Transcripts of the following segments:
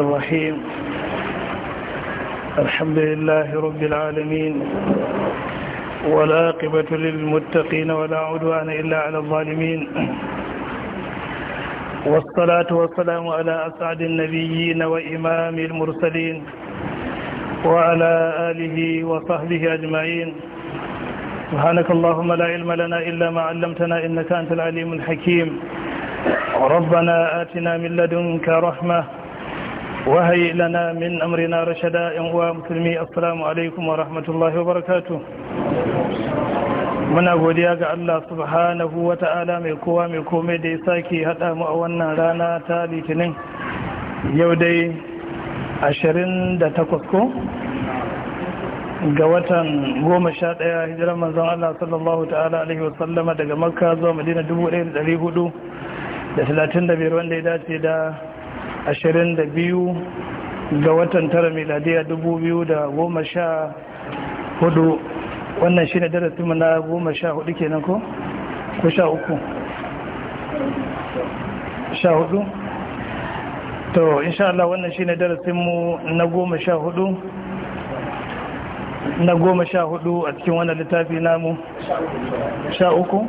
الرحيم الحمد لله رب العالمين والآقبة للمتقين ولا عدوان إلا على الظالمين والصلاة والسلام على أسعد النبيين وإمام المرسلين وعلى آله وصحبه أجمعين سبحانك اللهم لا علم لنا إلا ما علمتنا إنك أنت العليم الحكيم ربنا آتنا من لدنك رحمة وهي لنا من أمرنا رشدا musulmi مسلمي السلام عليكم ورحمة الله وبركاته muna godiya ga Allah subhanahu wa ta'ala mai kowa mai komai da ya sake haɗa mu a wannan rana ta litinin yau dai 28 ko ga watan 11 hijirar manzon Allah sallallahu ta'ala alaihi Sallama, daga makka zuwa madina 1435 wanda ya dace da 22 ga watan tara miladiya 2014 wannan shi ne darasinmu na 14 kenan ko? ko 13? 14? to insha Allah wannan shi ne mu na 14 na goma sha hudu a cikin wannan littafi namu sha uku?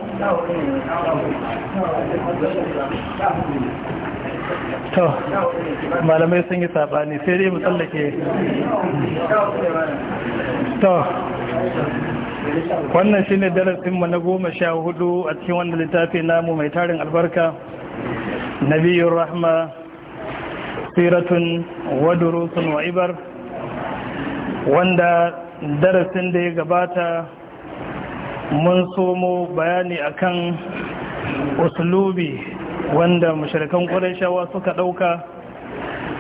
to malamai sun yi saɓani sai dai mu tsallake to wannan shine darasin mu na goma sha hudu a cikin wannan littafi namu mai tarin albarka nabiyur rahma siratun wa durusun wa ibar wanda darasin da ya gabata mun somo bayani akan uslubi wanda mashirikan ƙwararrawa suka ɗauka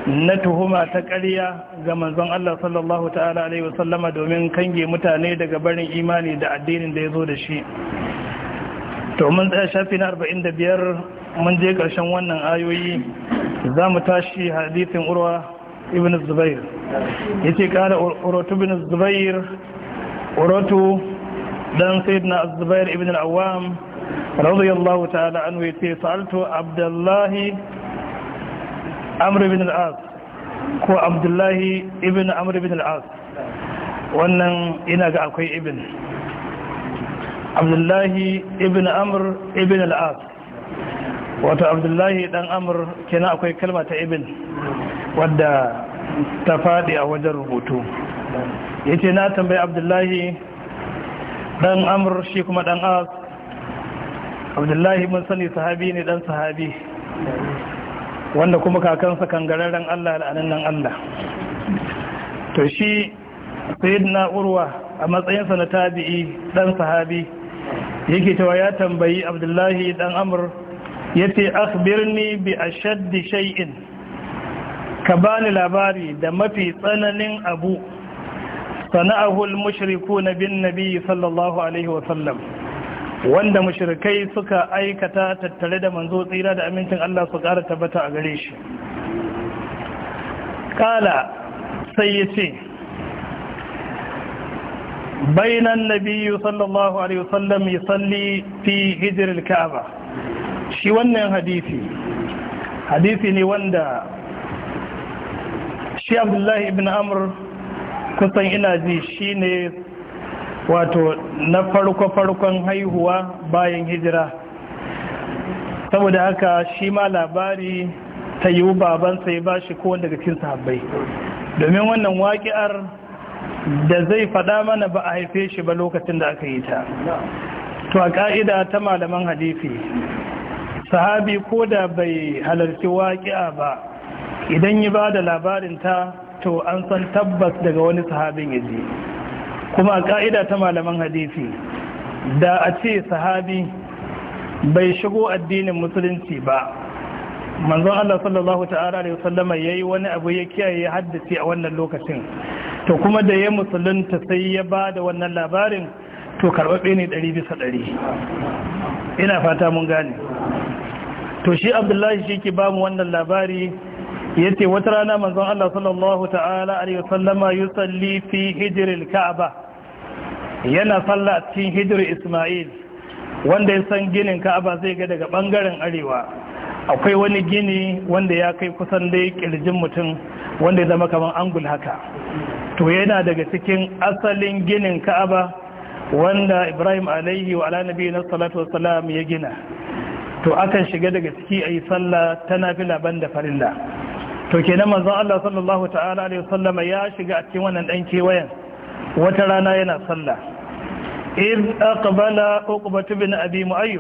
na tuhuma ta ƙarya ga manzon Allah sallallahu ta'ala alaihi wasallama domin kange mutane daga barin imani da addinin da ya zo da shi to mun tsaya shafi na 45 mun je ƙarshen wannan ayoyi za mu tashi hadithin urwa ibn zubair ya ce ƙara urwatu ibn zubair urwatu dan sayyidina zubair ibn al رضي ta'ala تعالى عنه sa'altu abdullahi الله ibn al-as ko abdullahi ibn ابن ibn al-as wannan ina ga akwai عبد abdullahi ibn amr ابن al-as wato abdullahi dan amur kenan akwai kalma ta ibn wadda ta faɗi a wajen rubutu ce na tambayi abdullahi dan amur shi kuma dan as abdullahi mun sani sahabi ne dan sahabi wanda kuma kakansa kangararren Allah al'anannan Allah to shi sayyidina urwa a matsayinsa na tabi'i dan sahabi yake cewa ya tambayi abdullahi dan amr yace akhbirni bi ashaddi shay'in ka bani labari da mafi tsananin abu sana'ahu al na bin nabi sallallahu alaihi wa sallam wanda mushrikai suka aikata tattare da manzo tsira da amincin Allah su ƙara tabbata a gare shi kala sai ya ce bainan nabiyu sallallahu alaihi wasallam ya salli fi hijirar ka'aba shi wannan hadisi hadisi ne wanda shi abdullahi ibn amur kusan ina ji shi ne wato na farko-farkon haihuwa bayan hijira saboda haka shi ma labari ta yi babansa ya ba shi kowane daga cikin sahabbai domin wannan waƙi'ar da zai faɗa mana ba a haife shi ba lokacin da aka yi ta to a ƙa'ida ta malaman hadifi sahabi ko da bai halarci waƙi'a ba idan yi ba da labarin ta to an san tabbas daga wani sahabin ya je kuma a ka'ida ta malaman hadisi da a ce sahabi bai shigo addinin musulunci ba manzon Allah sallallahu ta'ala alaihi wasallama yayi wani abu ya kiyaye ya haddace a wannan lokacin to kuma da ya musulunta sai ya bada wannan labarin to karbabe ne 100 bisa 100 ina fata mun gane to shi Abdullahi shi ke bamu wannan labari ce wata rana manzon Allah sallallahu ta'ala alaihi wasallama salli fi hijirin ka'aba yana sallah a cikin hidir ismail wanda ya san ginin ka'aba zai ga daga bangaren arewa akwai wani gini wanda ya kai kusan dai kirjin mutum wanda ya zama kamar angul haka to yana daga cikin asalin ginin ka'aba wanda ibrahim alaihi wa alanabi na salatu wasalam ya gina to akan shiga daga ciki a yi sallah ta laban da farilla to kenan manzan allah sallallahu ta'ala alaihi wasallama ya shiga a cikin wannan ɗan kewayen wata rana yana sallah in aqbala uqba bin abi mu'ayyib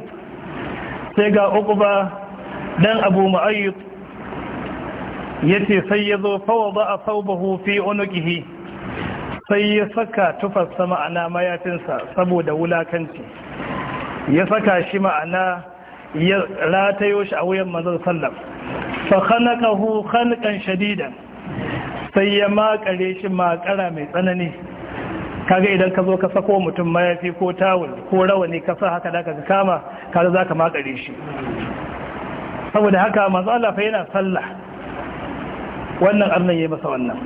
sai ga uqba dan abu mu'ayyib yace sai yazo fa wada thawbahu fi unqihi sai ya saka tufarsa ma'ana mayafinsa saboda wulakanci ya saka shi ma'ana ya ratayo shi a wuyan manzon sallam fa khanaqahu khanqan shadidan sai ya makare shi makara mai tsanani kaga idan ka zo ka sako mutum mayafi ko tawul ko rawani ka sa haka da ka kama kaga za ka makare shi saboda haka manzo Allah fa yana sallah wannan Allah yayi masa wannan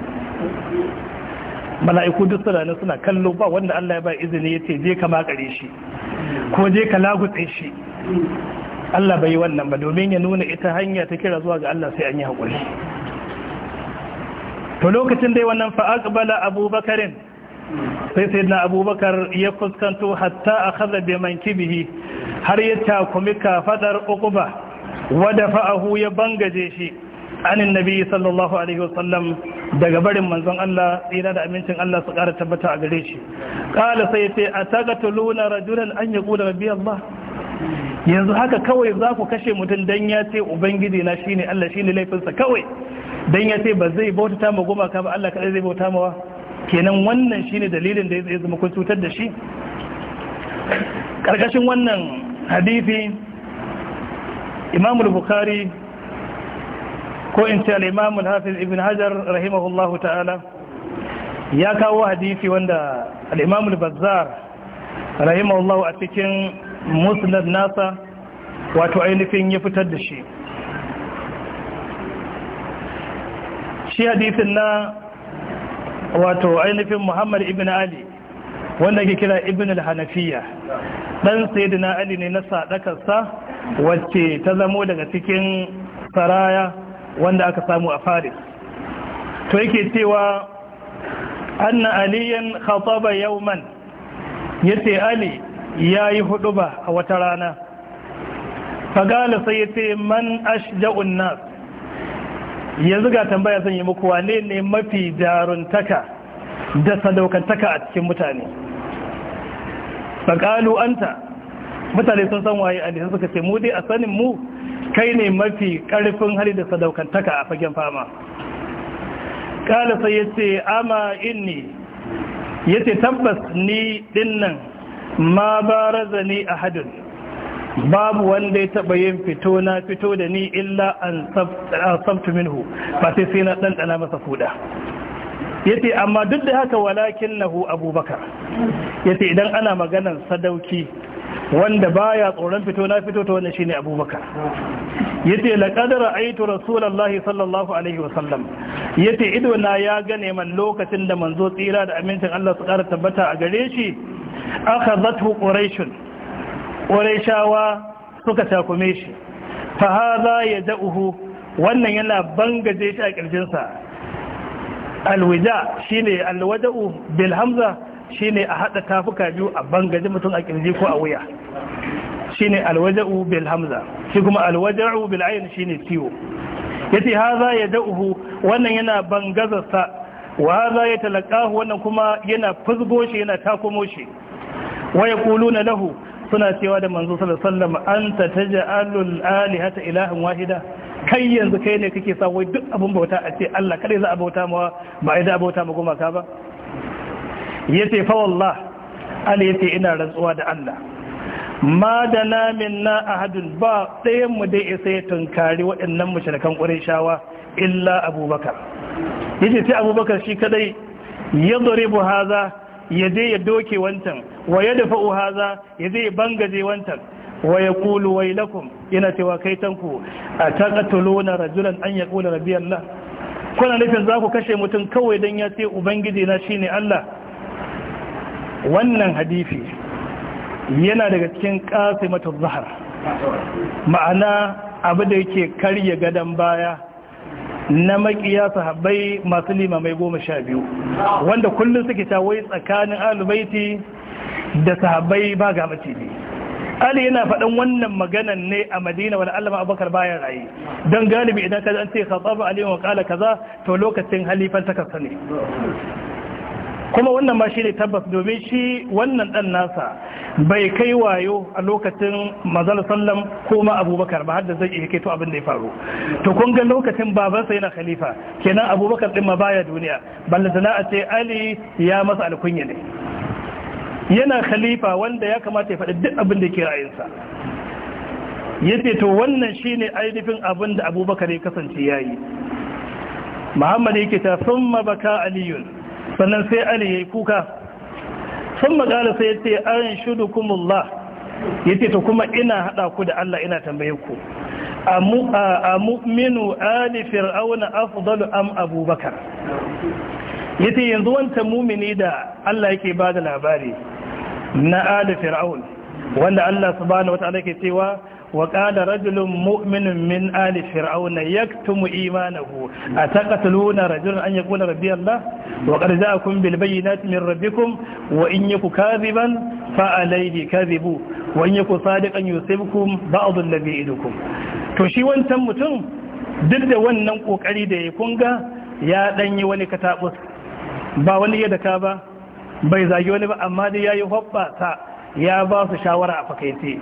mala'iku duk suna suna kallo ba wanda Allah ya ba izini yace je ka makare shi ko je ka lagutse shi Allah bai yi wannan ba domin ya nuna ita hanya ta kira zuwa ga Allah sai an yi hakuri to lokacin dai wannan fa aqbala abubakarin sai sai na abubakar ya fuskanto hatta a kaza bai manki bihi har ya takumi kafadar ukuba wadda fa'ahu ya bangaje shi anin nabi sallallahu alaihi wasallam daga barin manzon Allah tsira da amincin Allah su ƙara tabbata a gare shi ƙala sai sai a luna rajulan an ya ƙuda rabbi Allah yanzu haka kawai za ku kashe mutum dan ya ce ubangiji na shine Allah shine laifinsa kawai dan ya ce ba zai bauta ma gumaka ba Allah kaɗai zai bauta ma wa? kenan wannan shine dalilin da ya zama kun cutar da shi karkashin wannan hadisi imam al-bukhari ko in ce al-imam al-hafiz ibn hajar rahimahullahu ta'ala ya kawo hadisi wanda al-imam al-bazzar rahimahullahu a cikin musnad nasa wato ainihin ya fitar da shi shi hadisin na wato ainihin muhammad ibn ali wanda ke kira ibn al-hanafiya dan sayyidina ali ne na sadakarsa wacce ta zamo daga cikin saraya wanda aka samu a faris to yake cewa anna aliyan khataba yawman yace ali yayi huduba a wata rana fagala sai yace man ashja'un nas yanzu ga tambaya zan yi muku wane ne mafi jaruntaka da sadaukantaka a cikin mutane faƙalu ta mutane sun san waye ali suka ce mu dai a sanin mu kai ne mafi karfin hali da sadaukantaka a fagen fama ƙala sai ya ce ama inni ya ce tabbas ni dinnan ma ba ni a hadin babu wanda ya taba yin fito na fito da ni illa an sabtu minhu ba sai sai na ɗanɗana masa fuda Ya ce amma duk da haka walakin nahu abubakar Ya ce idan ana maganan sadauki wanda baya tsoron fito na fito ta wani shine abubakar Ya yace laqad ra'aytu rasulullahi sallallahu alaihi wasallam ce ido na ya gane man lokacin da manzo tsira da amincin Allah su ƙara tabbata a gare shi aka zatu ƙorashin ƙoraishawa suka takume shi fa haza ya za'uhu wannan yana bangaje shi a ƙirjinsa alwija shi ne alwada'u bilhamza shi ne a haɗa tafuka biyu a bangaje mutum a ƙirji ko a wuya shi ne alwada'u bilhamza shi kuma alwada'u bil'ayin shi ne ciwo ya ce haza ya za'uhu wannan yana bangazarsa wa haza ya talakahu wannan kuma yana fuzgo shi yana takomo shi waya na lahu suna cewa da manzo sallallahu an ta anta taj'alul alihata ilahan wahida kai yanzu kai ne kake sa wai duk abin bauta a ce Allah kada za a bauta ma ba a za a bauta ma ka ba yace fa wallah ali yace ina rantsuwa da Allah ma da namin na ahadun ba ɗayan mu dai isa ya tunkari waɗannan mushrikan shawa illa abubakar yace sai abubakar shi kadai ya duribu haza ya je ya doke wancan wa yadfa'u hadha yazi bangaje wantan wa yaqulu waylakum yana cewa kai tanku ataqatuluna rajulan an yaqula rabbi kuna nufin za ku kashe mutum kawai dan ya ce ubangiji na shine Allah wannan hadisi yana daga cikin qasimatu zahar ma'ana abu da yake karya gadon baya na makiya sahabbai masu mai goma sha biyu wanda kullum suke ta wai tsakanin alubaiti da sahabbai ba ga maciji Ali yana faɗan wannan maganan ne a Madina wani allama Abubakar baya raye don galibi idan ka an ce khataba Ali wa kala kaza to lokacin halifan ta kasa ne kuma wannan ma shi ne tabbas domin shi wannan dan nasa bai kai wayo a lokacin mazal sallam ko ma Abubakar ba har da zai iya kai to abin da ya faru to kun ga lokacin babansa yana khalifa kenan Abubakar din ma baya duniya balla sana'a ce Ali ya masa alkunya ne yana khalifa wanda ya kamata ya faɗi duk abin da ke ra'ayinsa ya ce to wannan shine ainihin abin da abubakar ya kasance ya yi muhammad yake ta sun mabaka aliyun sannan sai ali ya yi kuka sun magana sai ya ce an shudu kumullah ya ce to kuma ina haɗa ku da allah ina tambaye ku a mu'minu ali fir'auna afdalu am abubakar yace yanzu wancan mumini da Allah yake ba da labari na ali fir'aun wanda Allah subhanahu wataala ke cewa wa qala rajulun mu'minun min ali fir'auna yaktumu imanahu ataqatuluna rajulan an yakuna rabbi Allah wa qad ja'akum bil bayyinati min rabbikum wa in yaku kadhiban fa alayhi kadhibu wa in yaku sadiqan yusibkum ba'd alladhi idukum to shi wancan mutum duk da wannan kokari da ya kunga ya danyi wani katabus ba wani yadda ka ba bai zagi wani ba amma dai ya yi hoɓɓasa ya ba su shawara a fakaice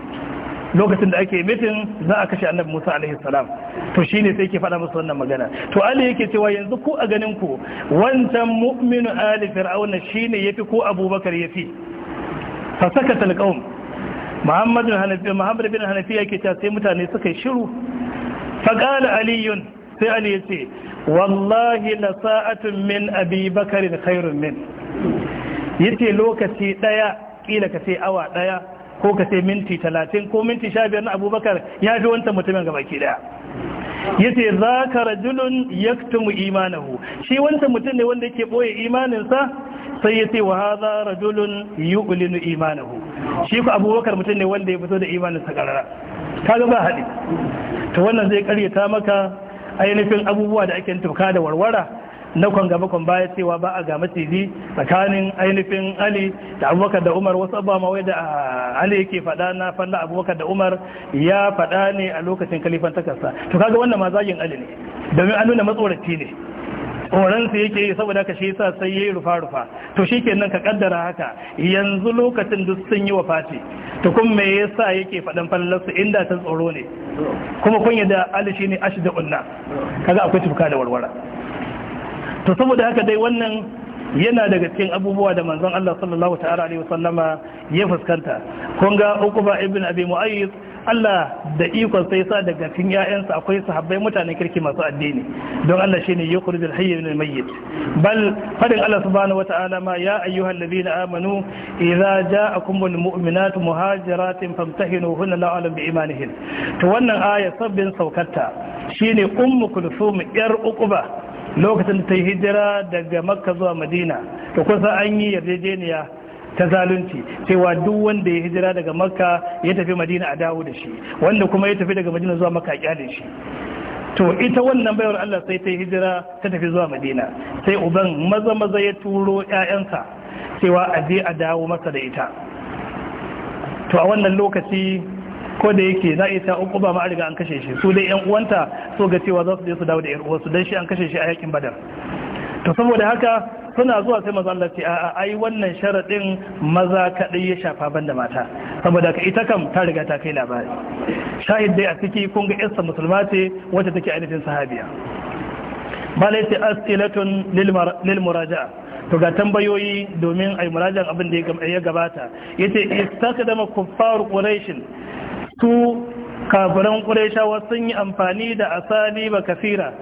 lokacin da ake mitin za a kashe annabi Musa alaihi salam to shine sai yake faɗa musu wannan magana to Ali yake cewa yanzu ku a ganin ku wancan mu'minu ali fir'auna shine yafi ko Abubakar yafi fa sakata alqaum Muhammad bin Hanafi Muhammad bin Hanafi yake cewa sai mutane suka yi shiru fa qala Ali sai Ali yace wallahi la sa'atun min Abi Bakr khairun min yace lokaci daya kila ka ce awa daya ko ka ce minti talatin ko minti sha na abubakar ya fi wanta mutumin gabaki daya yace ce za ka rajulun ya imanahu shi wanta mutum ne wanda yake ɓoye imaninsa sai yace ce wa hadha rajulun yu'linu imanahu shi ku abubakar mutum ne wanda ya fito da imaninsa ka kaga ba haɗi ta wannan zai karyata maka ainihin abubuwa da ake tuka da warwara na kwanga kwan baya cewa ba a ga cizi tsakanin ainihin ali da abubakar da umar wasu abuwa mawai da ah, ali yake fada na falla abubakar da umar ya faɗa ne a lokacin kalifan takarsa to kaga wannan ma zagin ali ne domin an nuna matsoraci ne horonsa yake yi saboda ka shi sa sai ya yi rufa-rufa to shi kenan ka kaddara haka yanzu lokacin duk sun yi Fati. to kun me ya sa yake faɗin fallarsu inda ta tsoro ne kuma kun yadda ali shi ne ashi da unna kaga akwai tufka da warwara to saboda haka dai wannan yana daga cikin abubuwa da manzon Allah sallallahu ta'ala alaihi wasallama ya fuskanta kun ga Uqba ibn Abi Allah da ikon sai sa daga cikin ƴaƴansa akwai sahabbai mutanen kirki masu addini don Allah shine yukhrijul hayy min al-mayyit bal fadin Allah subhanahu ta'ala ma ya ayyuhalladhina amanu idza ja'akumul mu'minatu muhajiratin famtahinuhunna la'alam bi'imanihin to wannan aya sabbin saukarta shine ummu kulthum yar Uqba lokacin da ta yi hijira daga makka zuwa madina da kusa an yi yarjejeniya ta zalunci cewa duk wanda ya hijira daga makka ya tafi madina a dawo da shi wanda kuma ya tafi daga madina zuwa makka ya da shi to ita wannan bayar Allah sai ta yi hijira ta tafi zuwa madina sai uban maza maza ya turo ƴaƴansa cewa a je a dawo masa da ita to a wannan lokaci ko da yake za a ta uku ba ma an riga an kashe shi su dai yan uwanta so ga cewa za su je su dawo da yan uwansu dan shi an kashe shi a yakin badar to saboda haka suna zuwa sai maza Allah ce a ai wannan sharadin maza kadai ya shafa banda mata saboda ka ita kam ta riga ta kai labari shahid dai a ciki kun ga yarsa musulma ce wacce take ainihin sahabiya malai ce as'ilatun lil muraja'a to ga tambayoyi domin a yi murajan abin da ya gabata yace ce istakdama kuffar quraish su kafiran ƙureshawa sun yi amfani da asali ba kasira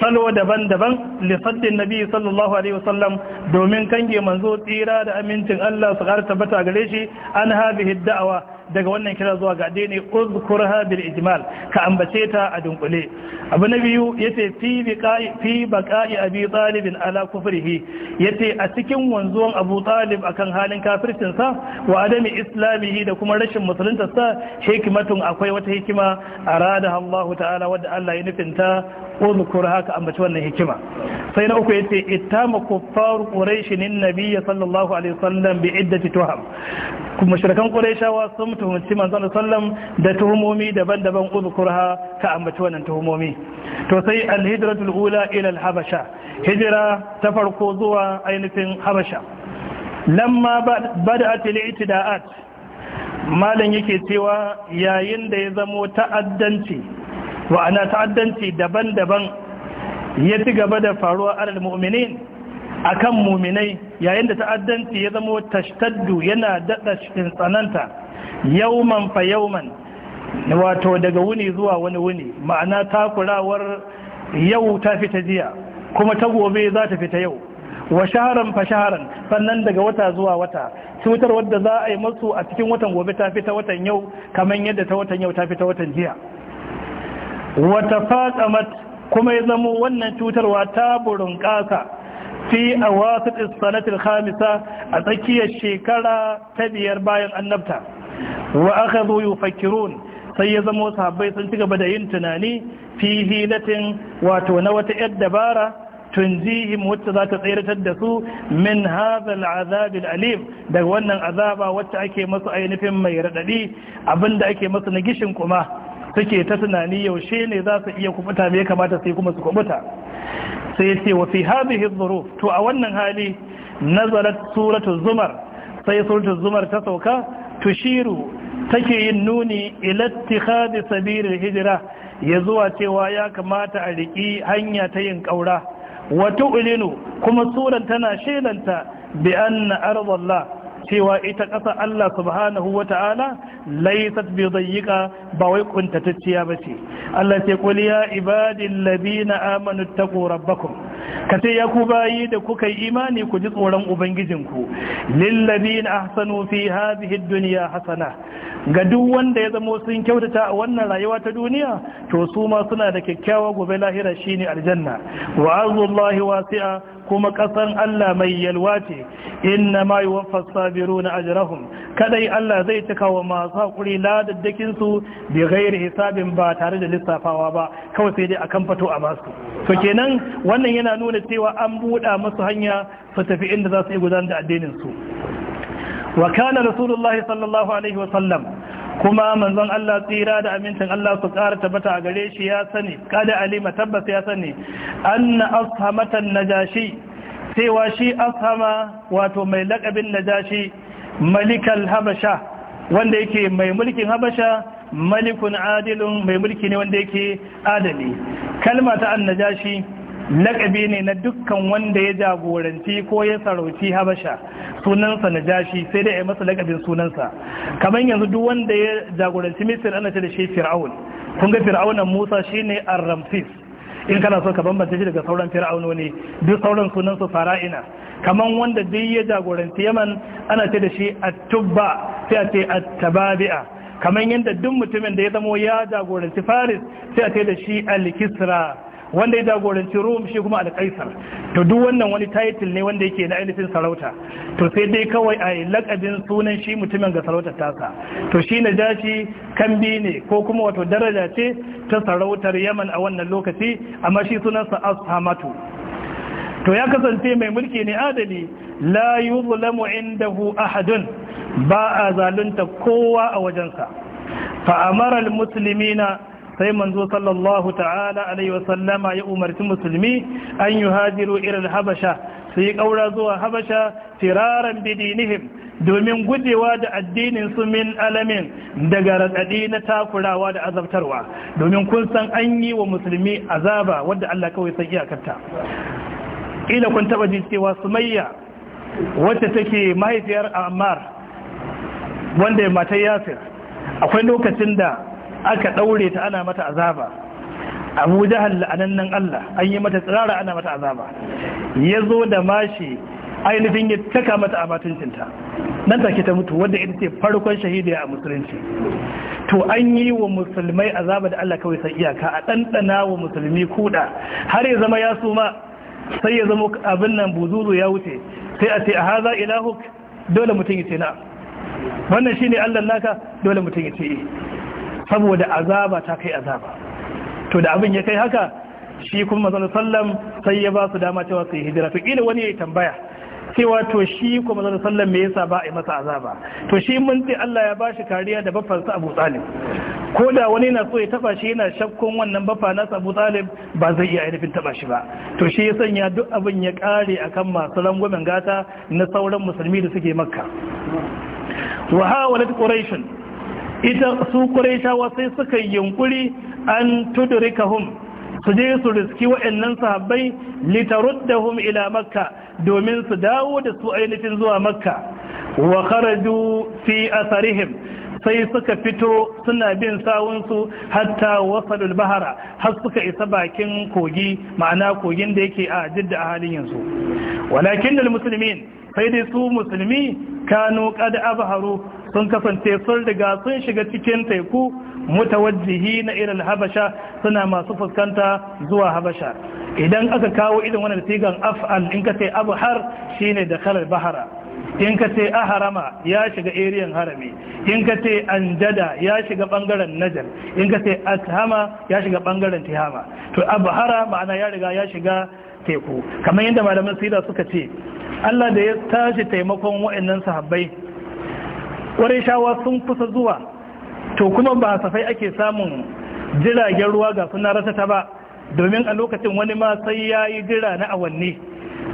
salo daban-daban lissaddin nabi sallallahu alaihi wasallam domin kange manzo tsira da amincin Allah su ƙara tabbata gare shi an haɗe da'awa daga wannan kira zuwa ga ne uzkurha bil ijmal ka ambace ta a dunkule abu na biyu yace fi biqai fi baqai abi talib ala kufrihi yace a cikin wanzuwan abu talib akan halin kafircin sa wa adami islamihi da kuma rashin musulunta sa hikmatun akwai wata hikima arada Allah ta'ala wadda Allah ya nufinta uzkurha ka ambace wannan hikima sai na uku ya ce ittama kuffar quraishin ya sallallahu alaihi wasallam bi iddati tuham kuma shirkan quraishawa sun tuhumci manzon sallam da tuhumomi daban-daban uzkurha ka ambaci wannan tuhumomi to sai alhijratul ula ila alhabasha hijira ta farko zuwa ainihin habasha lamma bada'at al-i'tida'at malam yake cewa yayin da ya zamo ta'addanci wa'ana ta'addanci daban-daban ya ci gaba da faruwa alal mu'minin akan muminai yayin da ta'addanci ya zama tashtaddu yana dada cikin tsananta yauman fa yauman wato daga wuni zuwa wani wuni ma'ana takurawar yau ta fita jiya kuma ta gobe za ta fita yau wa shaharan fa shaharan sannan daga wata zuwa wata cutar wadda za a yi masu a cikin watan gobe ta fita watan yau kamar yadda ta watan yau ta fita watan jiya wata fatsamat kuma ya zama wannan cutarwa ta burin ƙasa fi a wasu sanatul khamisa a tsakiyar shekara ta biyar bayan annabta wa aka zo fakirun sai ya zama habai sun ci gaba da yin tunani fi hilatin wato na wata yar dabara tun jihim wacce za ta tsayartar da su min hazal azabil alim daga wannan azaba wacce ake masu ainihin mai raɗaɗi abinda ake masu na gishin kuma take ta tunani yaushe ne za su iya kubuta me ya kamata sai kuma su kubuta sai ya ce wa fi hadhihi dhuruf to a wannan hali nazarat suratu zumar sai suratu zumar ta sauka tushiru take yin nuni ila ittikhadi sabilil hijra ya zuwa cewa ya kamata a riki hanya ta yin kaura wa tu'linu kuma suran tana shelanta bi anna ardhallah cewa ita ƙasa Allah subhanahu wa ta'ala laysat bi dayyika ba wai kuntatacciya ce. Allah ce qul ya ibadil ladina amanu taqu rabbakum ce ya ku bayi da kuka yi imani ku ji tsoron ubangijinku lil ladina ahsanu fi hadhihi ad-dunya hasana ga duk wanda ya zama sun kyautata a wannan rayuwa ta duniya to su ma suna da kyakkyawa gobe lahira shine aljanna wa azullahi wasi'a kuma kasan Allah mai yalwa ce inna ma yuwaffas sabiruna ajrahum kadai Allah zai cika wa masu hakuri ladaddakin su bi ghairi hisabin ba tare da lissafawa ba kawai sai dai akan fato a basu to kenan wannan yana nuna cewa an buɗa masu hanya su tafi inda za su yi gudanar da addinin su wa kana rasulullahi sallallahu alaihi wa sallam kuma manzon Allah tsira da amincin Allah su ƙara tabbata a gare shi ya sani kada alima tabbas ya sani anna ashamatan najashi cewa shi ashama wato mai lakabin najashi malikal habasha wanda yake mai mulkin habasha malikun adilun mai mulki ne wanda yake adali kalma ta annajashi lakabi ne na dukkan wanda ya jagoranci ko ya sarauci habasha sunansa na jashi sai dai ya masa lakabin sunansa kamar yanzu duk wanda ya jagoranci misir ana ce da shi fir'aun kun ga fir'aunan musa shine ne ramsis in kana so ka bambanta shi daga sauran fir'aunoni duk sauran sunansa fara'ina kamar wanda duk ya jagoranci yaman ana ce da shi at sai a ce at-tababi'a kamar yadda duk mutumin da ya zamo ya jagoranci faris sai a ce da shi alkisra wanda ya jagoranci rum shi kuma alƙaisar to duk wannan wani title ne wanda yake na ainihin sarauta to sai dai kawai a lakabin sunan shi mutumin ga sarautar tasa to shi na jashi kambi ne ko kuma wato daraja ce ta sarautar yaman a wannan lokaci amma shi sunansa ashamatu to ya kasance mai mulki ne adali la yuzlamu indahu ahadun ba a zalunta kowa a wajensa fa amara almuslimina sai manzo sallallahu ta'ala alaihi wasallama ya umarci musulmi an yi hajiru irin habasha su yi ƙaura zuwa habasha firaran bidinihim domin gujewa da addinin su min alamin daga raɗaɗi na takurawa da azabtarwa domin kun san an yi wa musulmi azaba wadda Allah kawai san iyakarta ila kun taba ji cewa sumayya wacce take mahaifiyar ammar wanda ya matar yasir akwai lokacin da aka ɗaure ta ana mata azaba abu jahal la'anannan Allah an yi mata tsirara ana mata azaba ya zo da mashi ainihin ya taka mata a matuncinta nan take ta mutu wadda ita ce farkon shahidiya a musulunci to an yi wa musulmai azaba da Allah kawai sai iyaka a ɗanɗana wa musulmi kuɗa har ya zama ya suma sai ya zama abin nan buzuzu ya wuce sai a ce a haza ilahuk dole mutum ya ce na wannan shine Allah naka dole mutum ya ce eh. saboda azaba ta kai azaba to da abin ya kai haka shi kuma manzon sallam sai ya ba su dama cewa su yi hijira to kila wani ya tambaya cewa to shi kuma manzon sallam me yasa ba a yi masa azaba to shi mun ce Allah ya ba shi kariya da baffarsa Abu Talib ko da wani na so ya taba shi yana shakkun wannan bafa na Abu Talib ba zai iya ainihin taba shi ba to shi ya sanya duk abin ya kare akan masu rangwamen gata na sauran musulmi da suke makka wa hawalat quraishun ita su quraishawa sai suka yunkuri an hum su je su riski waɗannan sahabbai hum ila makka domin su dawo da su ainihin zuwa makka wa kharaju fi asarihim. sai suka fito suna bin sawunsu hatta wasalul bahara har suka isa bakin kogi ma'ana kogin da yake a jidda a halin yanzu walakin da musulmin sai dai su musulmi kanu kada abharu sun kasance sun riga sun shiga cikin teku mutawajjihi na irin habasha suna masu fuskanta zuwa habasha idan aka kawo irin wannan sigan af'al in ka abu abhar shine da kalar bahara in ka ce aharama ya shiga eriyan harami in ka ce anjada ya shiga bangaren najar in ka ce ashama ya shiga bangaren tihama to abhara ma'ana ya riga ya shiga teku kamar yadda malaman sira suka ce Allah da ya tashi taimakon wa'annan sahabbai shawa sun kusa zuwa to kuma ba safai ake samun jiragen ruwa ga suna rasa ba domin a lokacin wani ma sai ya yi jira na awanni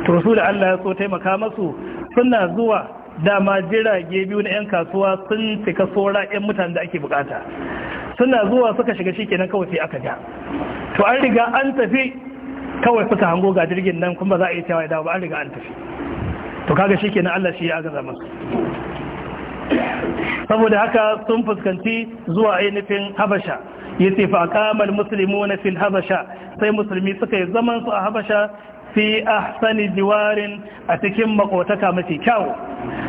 to su da Allah ya so taimaka masu suna zuwa dama jirage biyu na 'yan kasuwa sun cika tsora 'yan mutane da ake bukata suna zuwa suka shiga shi kenan kawai sai aka ja to an riga an tafi kawai suka hango ga jirgin nan kuma za a yi cewa dawo ba an riga an tafi to kaga shi kenan Allah shi ya ga masu saboda haka sun fuskanci zuwa ainihin habasha ya ce fa kamar musulmi wani fil habasha sai musulmi suka yi zaman su a habasha fi ahsani jiwarin a cikin makotaka mafi kyau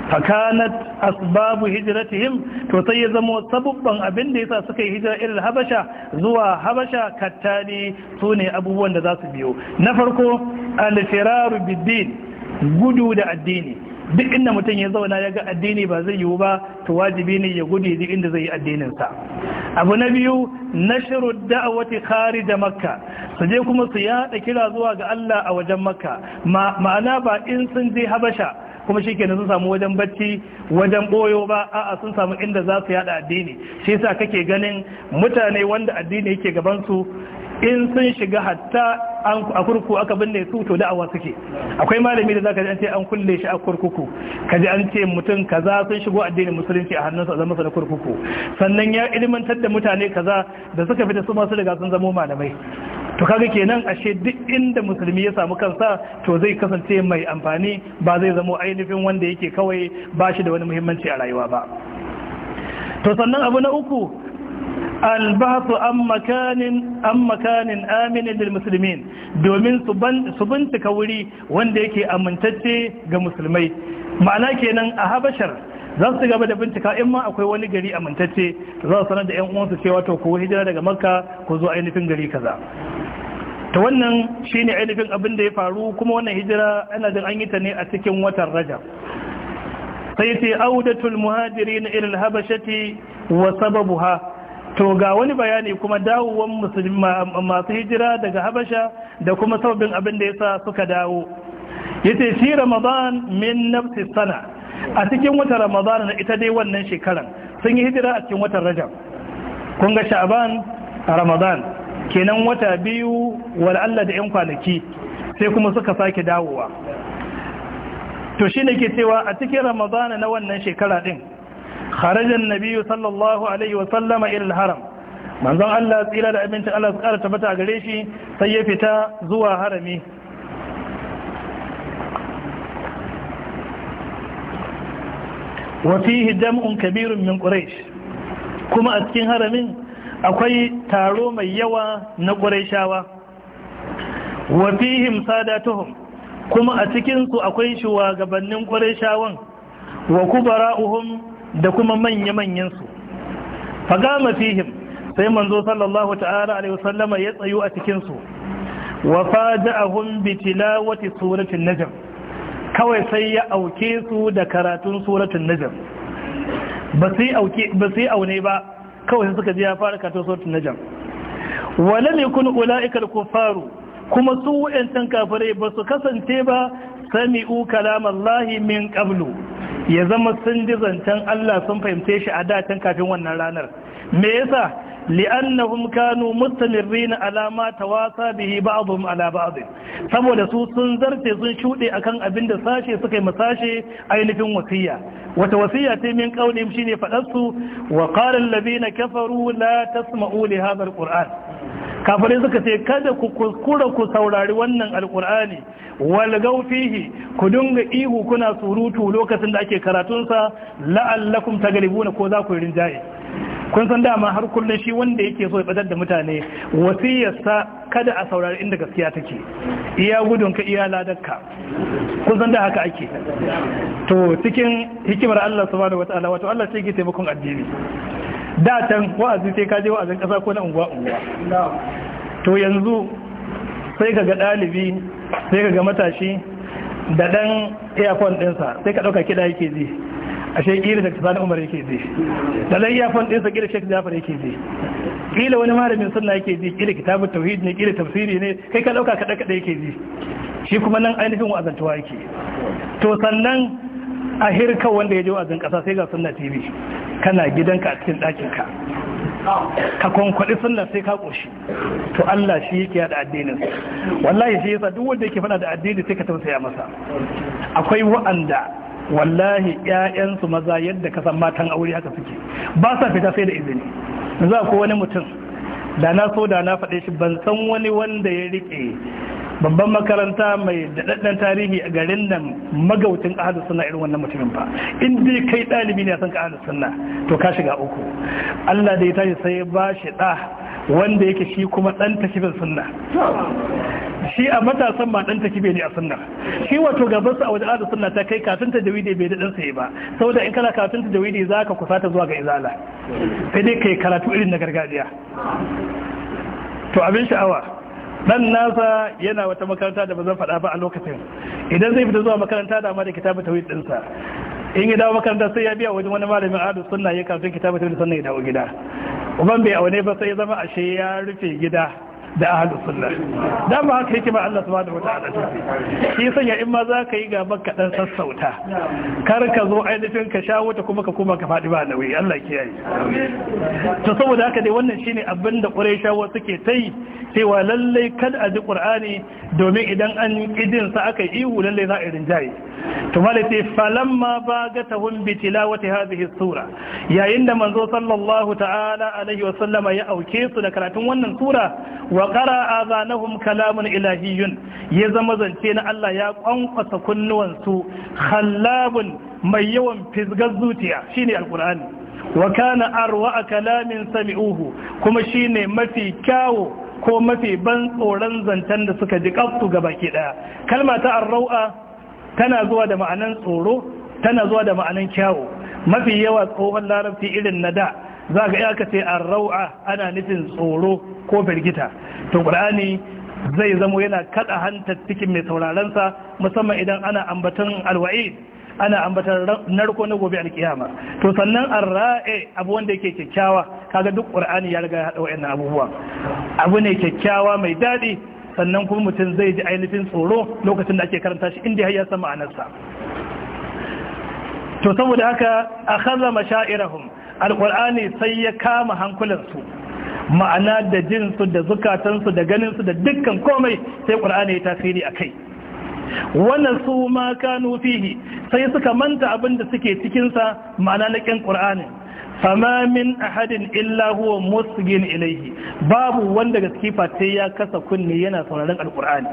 fakanat asbabu hijratihim to sai ya zama sabubban abin da yasa suka yi hijira irin habasha zuwa habasha kattani sune abubuwan da za su biyo na farko al-firaru bid-din gudu da addini duk inda mutum ya zauna ya ga addini ba zai yiwu ba to wajibi ne ya gudu duk inda zai yi addininsa abu na biyu shiru da'awati kari da makka su je kuma su yaɗa kira zuwa ga Allah a wajen makka ma'ana ba in sun je habasha kuma shi sun samu wajen bacci wajen boyo ba a'a sun samu inda za su yada addini shi yasa kake ganin mutane wanda addini yake gabansu. in sun shiga hatta a kurku aka binne su to da'awa suke akwai malami da zaka ji an ce an kulle shi a kurkuku kaji an ce mutum kaza sun shigo addinin musulunci a hannunsa zama sa na kurkuku sannan ya ilmantar da mutane kaza da suka fita su masu riga sun zamo malamai to kaga kenan ashe duk inda musulmi ya samu kansa to zai kasance mai amfani ba zai zama ainihin wanda yake kawai ba shi da wani muhimmanci a rayuwa ba to sannan abu na uku البحث عن مكان عن مكان آمن للمسلمين دومين سبن amintacce ga musulmai. Ma'ana kenan a habashar za su gaba da bincika in ma akwai wani gari amintacce za su sanar da 'yan uwansu cewa to ku hijira daga makka ku zo ainihin gari kaza ta wannan shine ainihin abin da ya faru kuma wannan hijira ana jin an yi ta ne a cikin watan rajab sai sai audatul muhajiri na irin habashati wa sababuha to ga wani bayani kuma dawowan musulma masu hijira daga habasha da kuma sabbin abin da sa suka dawo yace shi ramadan min nafsi sana a cikin wata ramadan na ita dai wannan shekaran sun yi hijira a cikin watan rajab kun ga sha'ban ramadan kenan wata biyu wal Allah da yan kwanaki sai kuma suka sake dawowa to shine ke cewa a cikin ramadan na wannan shekara din kharajan nabiyyu sallallahu alaihi wa sallama ila haram manzon Allah tsira da abincin Allah tsara tabbata gare shi sai ya fita zuwa harami wa fihi dam'un kabirun min quraish kuma a cikin haramin akwai taro mai yawa na quraishawa wa fihim sadatuhum kuma a cikin su akwai shugabannin quraishawan wa kubara'uhum da kuma manya-manyansu fagama fihim sai manzo sallallahu ta'ala alaihi wasallama ya tsayu a cikinsu wa faja'ahum bi tilawati suratul najm kawai sai ya auke su da karatun suratul najm ba sai auke ba sai aune ba kawai suka ji ya fara karatun suratul najm wa lam yakun ulaika al kuma su wa'antan kafirai ba su kasance ba sami'u kalamallahi min qablu ya zama sun ji zancen Allah sun fahimce shi a datan kafin wannan ranar me yasa li'annahum kanu mustamirrina ala ma tawasa bihi ba'dhum ala ba'd saboda su sun zarce sun shude akan abin da sashe suka yi masashe ainihin wasiya wata wasiya ta min kaulin shine fadar su wa qala alladhina kafaru la tasma'u li hadha alquran kafirai suka ce kada ku kuskura ku saurari wannan alkur'ani walgau fihi ku dinga ihu kuna surutu lokacin da ake karatunsa la'allakum tagalibuna ko za ku yi rinjaye kun san dama har kullun shi wanda yake so ya badar da mutane wasiyarsa kada a saurari inda gaskiya take iya gudun ka, iya ladarka kun san da haka ake to cikin hikimar Allah subhanahu wataala wato Allah sai ke taimakon addini da can wa'azi sai ka je wa'azin kasa ko na unguwa unguwa to yanzu sai ka ga ɗalibi sai ka ga matashi da ɗan earphone ɗinsa sai ka ɗauka kiɗa yake ji a shekiri da Sani umar yake ji da ɗan earphone ɗinsa ƙira shek jafar yake ji ƙila wani malamin sunna yake ji ƙila kitabun tauhid ne ƙila tafsiri ne kai ka ɗauka kaɗa kaɗa yake ji shi kuma nan ainihin wa'azantuwa yake to sannan a hirka wanda ya je wa ƙasa sai ga sunna tv kana gidanka a cikin ɗakinka ka kwankwaɗi sunna sai ka ƙoshi to Allah shi yake yada addinin wallahi shi yasa duk wanda yake faɗa da addini sai ka tausaya masa akwai wa'anda wallahi ƴaƴansu maza yadda ka san matan aure haka suke ba sa fita sai da izini yanzu akwai wani mutum da na so da na faɗe shi ban san wani wanda ya riƙe babban makaranta mai daɗaɗɗen tarihi a garin nan magautin ahalus sunna irin wannan mutumin ba in dai kai ɗalibi ne a san ka sunna to ka shiga uku Allah da ya tashi sai ba shi ɗa wanda yake shi kuma ɗan takibin sunna shi a matasan ma ɗan takibe ne a sunna shi wato gaban su a wajen ahalus sunna ta kai kafin ta wide bai daɗin saye ba saboda in kana kafin ta wide za ka kusa ta zuwa ga izala sai dai yi karatu irin na gargajiya to abin sha'awa dan nasa yana wata makaranta da ba zan faɗa ba a lokacin idan zai fita zuwa makaranta da ma da kitabu tawhid dinsa in ya dawo makaranta sai ya biya wajen wani malamin adu sunna ya kafin kitabu tawhid sannan ya dawo gida uban bai aune ba sai ya zama ashe ya rufe gida da ahalu sunna da ba haka yake ba Allah subhanahu wataala ta shi sanya in ma za ka yi gaba kaɗan sassauta kar ka zo ainihin ka sha wuta kuma ka koma ka faɗi ba nauyi Allah ke yi to saboda haka dai wannan shine abin da Qurayshawa suke tai cewa lallai kada a ji Qur'ani domin idan an idin sa aka yi ihu lallai za a rinjaye to malati falamma bagatahum bi tilawati hadhihi sura yayin da manzo sallallahu ta'ala alaihi sallama ya auke su da karatun wannan sura wa a azanahum kalamun ilahiyun ya zama zance na Allah ya kwankwasa kunnuwansu khallabun mai yawan fisgar zuciya shine alkur'ani wa kana arwa kalamin sami'uhu kuma shine mafi kyawo ko mafi ban tsoron zancen da suka ji kaftu ga baki daya kalma ta arrau'a tana zuwa da ma'anan tsoro tana zuwa da ma'anan kyawu mafi yawa tsohon larabci irin na da za ga yaka ce arrau'a ana nufin tsoro ko firgita to qur'ani zai zamo yana kada hantar cikin mai sauraron sa musamman idan ana ambaton alwa'id ana ambatar narko na gobe alkiyama to sannan arra'e abu wanda yake kyakkyawa kaga duk qur'ani ya riga ya hada wayannan abubuwa abu ne kyakkyawa mai dadi sannan kuma mutum zai ji ainihin tsoro lokacin da ake karanta shi inda ya san ma'anarsa to saboda haka akhadha mashairahum alqur'ani sai ya kama hankulansu ma'ana da jinsu da zukatansu da ganinsu da dukkan komai sai qur'ani ya tasiri akai wannan su ma kanu fihi sai suka manta abin da suke cikinsa ma'ana na ƙin ƙur'anin fama min ahadin illa huwa musgin ilaihi babu wanda gaske face ya kasa kunne yana sauraron alƙur'ani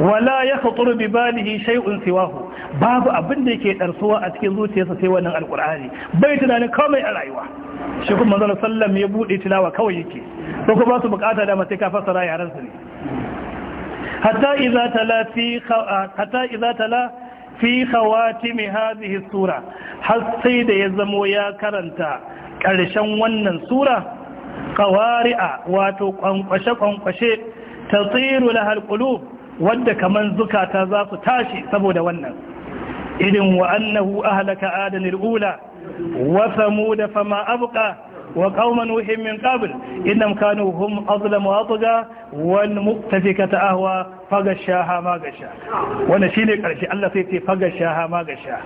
wala ya khaturu bi balihi shay'un siwahu babu abin da yake darsuwa a cikin zuciyarsa sai wannan alqur'ani bai tunanin komai a rayuwa shi kuma manzon sallam ya bude tilawa kawai yake ko kuma ba su bukata da sai ka fassara yaran su ne hatta idza tala fi hatta idza tala fi sura har sai da ya zamo ya karanta ƙarshen wannan sura qawari'a wato ƙwanƙwashe kwankwashe tatiru lahal qulub wanda kaman zukata za su tashi saboda wannan idin wa annahu ahlaka adan alula wa thamud fama abqa وقوم نوح من قبل إنهم كانوا هم أظلم وأطغى والمؤتفكة أهوى فغشاها ما غشا wannan shine karshe Allah sai ce fagashaha ma gasha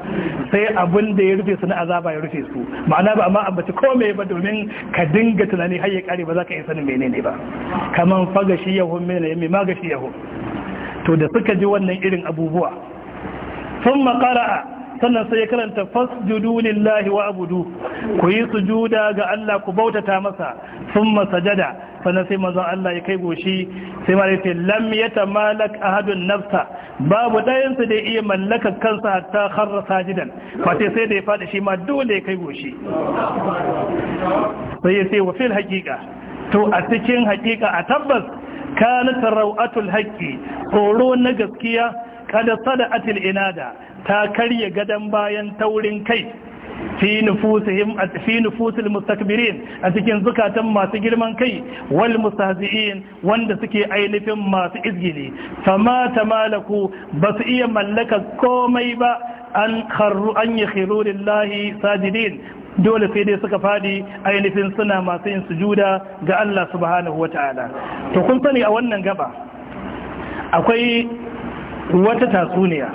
sai abun da ya rufe su na azaba ya rufe su ma'ana ba amma ambaci komai ba domin ka dinga tunani har ya kare ba za ka yi sanin menene ba kaman fagashi yahum min yami ma gashi yahum to da suka ji wannan irin abubuwa sun qara'a sannan sai ya karanta fasjudu lillahi wa abudu ku yi sujuda ga Allah ku bautata masa summa sajada sannan sai manzon Allah ya kai goshi sai mai ce lam yatamalak ahadun nafsa babu dayan su da iya mallakar kansa hatta kharra sajidan fate sai da ya fada shi ma dole ya kai goshi sai ya ce wa fil haqiqa to a cikin haqiqa a tabbas kana tarawatul haqqi tsoro na gaskiya kada sada'atil inada ta karya gadon bayan taurin kai fi nufusihim fi nufusil mustakbirin a cikin zukatan masu girman kai wal mustahzi'in wanda suke ainihin masu izgili malaku, ba su iya mallaka komai ba an kharru an yakhiru lillahi sajidin dole sai dai suka fadi ainihin suna masu yin sujuda ga Allah subhanahu wataala to kun sani a wannan gaba akwai wata tatsuniya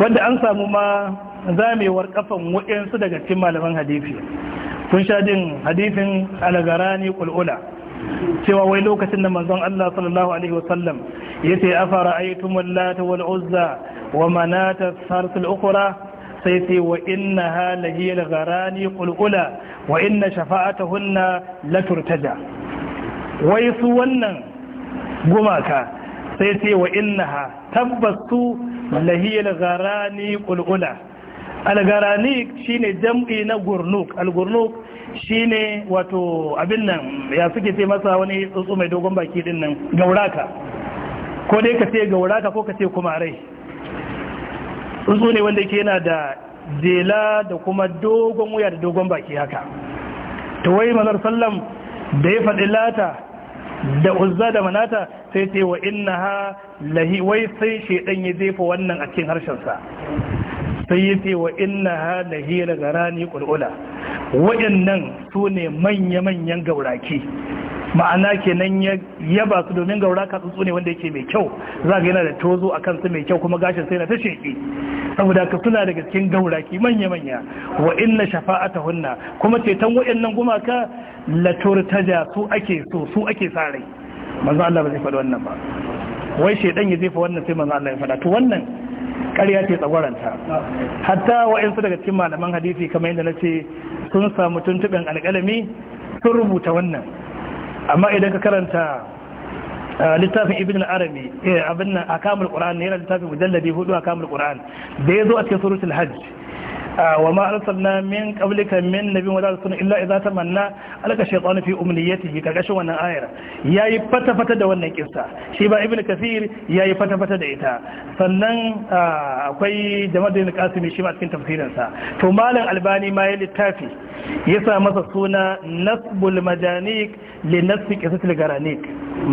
wanda an samu ma zamewar kafan waɗansu daga cikin malaman hadisi kun sha jin hadisin algarani kul'ula cewa wai lokacin da manzon Allah sallallahu alaihi wasallam yace afara aytum lata wal uzza wa manata sarsul ukhra sai sai wa innaha lahiyal gharani kul'ula wa inna shafa'atuhunna la turtaja wai su wannan gumaka sai ce wa innaha tabbas su lahiyar garani ƙulƙula algarani shine jam'i na gurnuk algurnuk shine wato abin nan ya suke ce masa wani tsuntsu mai dogon baki din nan gauraka ko dai ka ce gauraka ko ka ce rai. tsuntsu ne wanda ke yana da jela da kuma dogon wuya da dogon baki haka Ta wai mazar sallam da ya faɗi lata da uzza da manata sai ce wa ha lahi wai sai shedan ya jefa wannan a cikin harshen sa sai ya ce wa innaha lahi ragarani garani qulula wayannan sune manya manyan gauraki ma'ana kenan ya yaba su domin gaura ka tsuntsu ne wanda yake mai kyau za ga yana da tozo a kansu mai kyau kuma gashin sai na ta sheƙi saboda ka suna daga cikin gauraki manya-manya wa inna shafa'ata hunna kuma ceton waɗannan gumaka la turtaja su ake so su ake sa rai manzo Allah ba zai faɗi wannan ba wai shedan ya jefa wannan sai manzo Allah ya faɗa to wannan ƙarya ce tsagwaranta hatta wa'insu daga cikin malaman hadisi kamar yadda na ce sun samu tuntuɓin alƙalami sun rubuta wannan amma idan ka karanta eh, littafin ibn al-arabi eh, abin nan akamul qur'an yana littafin mujallabi hudu akamul qur'an da yazo a cikin suratul hajj ah, wa ma arsalna min qablika min nabiyyin wa rasulun illa idza tamanna alaka shaytanu fi umniyatihi kagashin wannan ayar yayi fata fata da wannan kissa shi ba ibn kathir yayi fata fata da ita sannan ah, akwai da jama'atul qasimi shi ma cikin sa to malam albani ma ya littafi ya sa masa suna nasbul majanik le nasbi qisatil garanik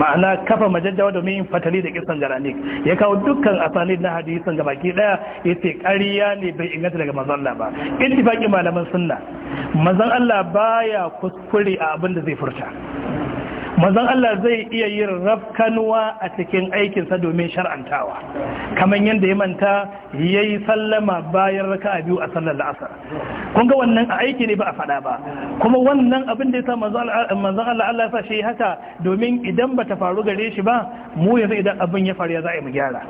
ma'ana kafa majajjawa domin yin fatali da kisan garanik ya kawo dukkan asanid na son ga baki daya ce karya ne bai inganta daga manzon Allah ba ittifaqi malaman sunna manzon Allah baya kuskure a abin da zai furta manzon Allah zai iya yin rafkanuwa a cikin aikinsa domin shar'antawa kamar yadda ya manta ya yi sallama bayan raka a biyu a sallar la'asar kun ga wannan a aiki ne ba a faɗa ba kuma wannan abin da ya sa manzon Allah Allah sa shi haka domin idan ba ta faru gare shi ba mu yanzu idan abin ya faru ya za yi mu gyara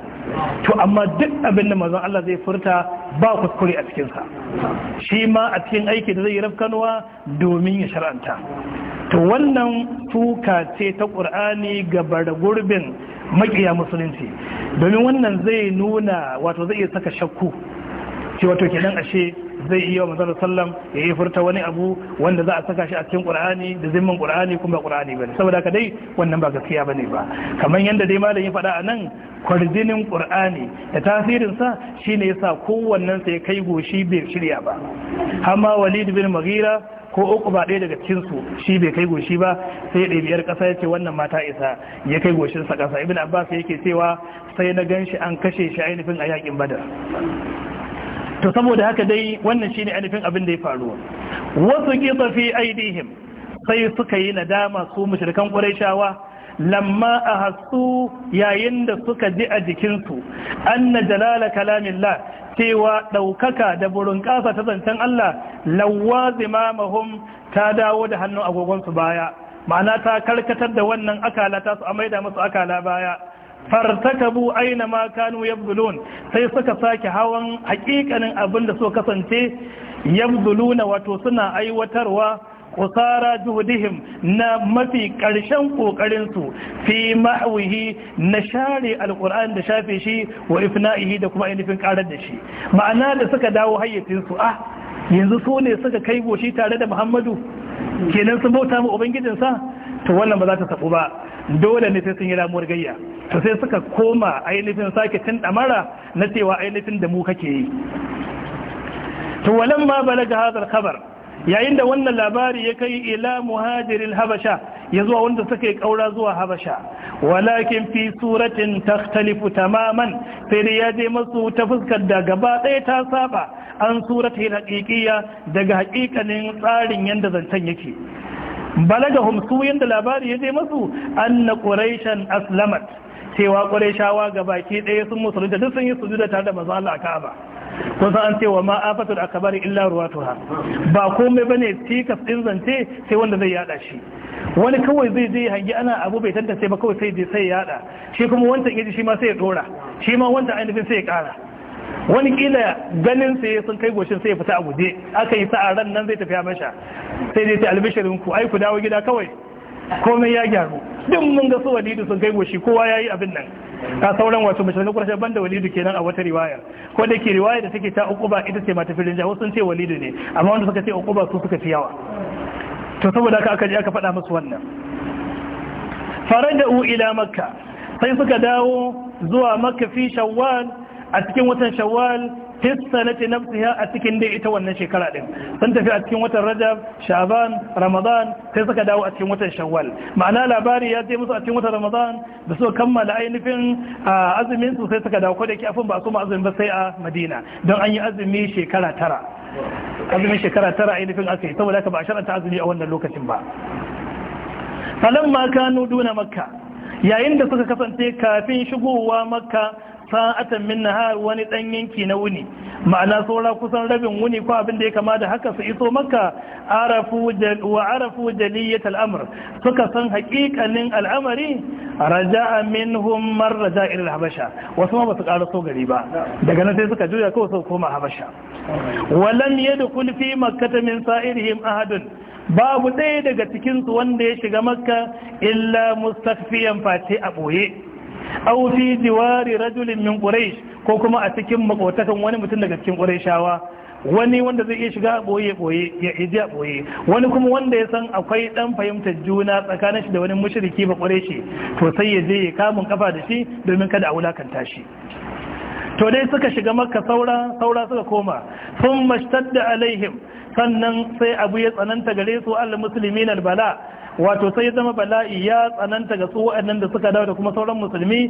to amma duk abin da manzon Allah zai furta ba kuskure a cikinsa shi ma a cikin aiki da zai yi rafkanuwa domin ya shar'anta to wannan tuka ce ta ƙur'ani gabar gurbin makiya musulunci domin wannan zai nuna wato zai iya saka shakku ce wato kenan ashe zai iya wa manzon sallam ya yi furta wani abu wanda za a saka shi a cikin qur'ani da zimmin qur'ani kuma qur'ani bane saboda ka dai wannan ba gaskiya bane ba kamar yanda dai malamin ya faɗa a nan kwarjinin qur'ani da tasirin sa shine yasa kowannen sa ya kai goshi bai shirya ba amma walid bin mughira ko uku ba ɗaya daga cikinsu shi bai kai goshi ba sai ɗabiyar ƙasa ya ce wannan mata isa ya kai goshinsa ƙasa ibn abbas yake cewa sai na gan shi an kashe shi ainihin a yakin badar to saboda haka dai wannan shine ainihin abin da ya faru wasu qita fi aidihim sai suka yi nadama su mushrikan quraishawa lamma ahassu yayin da suka ji a jikinsu anna jalala kalamillah cewa daukaka da burin kasa ta zancen Allah lawazimamahum ta dawo da hannun agogonsu baya ma'ana ta karkatar da wannan akala ta su a maida musu akala baya fartakabu aina ma kanu yabdulun sai suka sake hawan hakikanin abin da so kasance yabduluna wato suna aiwatarwa kusara juhudihim na mafi ƙarshen ƙoƙarinsu fi ma'awihi na share alƙur'an da shafe shi wa ifna'ihi da kuma ainihin ƙarar da shi ma'ana da suka dawo hayyacinsu ah yanzu su ne suka kai goshi tare da muhammadu kenan sun bauta mu ubangijinsa to wannan ba za ta sabu ba dole ne sai sun yi ramuwar gayya to sai suka koma ainihin sake cin damara na cewa ainihin da mu kake yi to walan ma balaga hadar kabar yayin da wannan labari ya kai ila muhajirin habasha ya zuwa wanda suka yi kaura zuwa habasha walakin fi suratin takhtalifu tamaman sai dai ya je masu ta fuskar da gaba ɗaya ta saba an suratin haƙiƙiya daga hakikanin tsarin yadda zancen yake balagahum su yanda labari ya je masu anna quraishan aslamat cewa quraishawa gabaki ɗaya sun musulunta duk sun yi sujuda tare da manzo Allah Ka'aba kun an cewa ma afatul akbar illa ruwatuha ba komai bane tikas din zance sai wanda zai yada shi wani kawai zai je hangi ana abu bai tantance ba kawai sai je sai yada shi kuma wanda yaji shi ma sai ya dora shi ma wanda ainihin sai ya kara wani kila ganin sai sun kai goshin sai ya fita a guje aka yi sa'a ran nan zai tafiya masha sai dai ta albishirin ku ai ku dawo gida kawai komai ya gyaru duk mun ga su walidu sun kai goshi kowa yi abin nan ka sauran wato mace na banda walidu kenan a wata riwayar ko da ke riwaya da take ta ukuba ita ce mata filin jawo sun ce walidu ne amma wanda suka ce ukuba su suka fi yawa to saboda haka aka je aka faɗa musu wannan faraja'u ila makka sai suka dawo zuwa makka fi shawwal a cikin watan shawwal na nafsiha a cikin dai ita wannan shekara ɗin. sun tafi a cikin watan rajab shaban ramadan sai suka dawo a cikin watan shawwal ma'ana labari ya je musu a cikin watan ramadan da suka kammala ainihin azumin su sai suka dawo ko da ke afin ba su ma ba sai a madina don an yi azumi shekara tara azumin shekara tara ainihin aka yi saboda haka ba a sharanta azumi a wannan lokacin ba falamma kanu duna makka yayin da suka kasance kafin shigowa makka sa'atan min nahar wani ɗan yanki na wuni ma'ana saura kusan rabin wuni ko abin da ya kama da haka su iso maka arafu wa arafu jaliyat al'amr suka san haƙiƙanin al'amari raja'a minhum mar raja'a irin habasha wasu ma basu ƙara so gari ba daga nan sai suka juya kawai su koma habasha walam yadkhul fi makkata min sa'irihim ahadun babu ɗaya daga cikinsu wanda ya shiga makka illa mustafiyan face a ɓoye aw fi diwari rajulin min quraish ko kuma a cikin makotakan wani mutum daga cikin qurayshawa wani wanda zai iya shiga boye boye ya a boye wani kuma wanda ya san akwai dan fahimtar juna tsakanin shi da wani mushriki ba quraishi to sai ya je ya kamun kafa da shi domin kada a wulakanta shi to dai suka shiga makka saura saura suka koma sun mashtadda alaihim sannan sai abu ya tsananta gare su al muslimin al bala wato sai zama bala'i ya tsananta ga su waɗannan da suka dawo da kuma sauran musulmi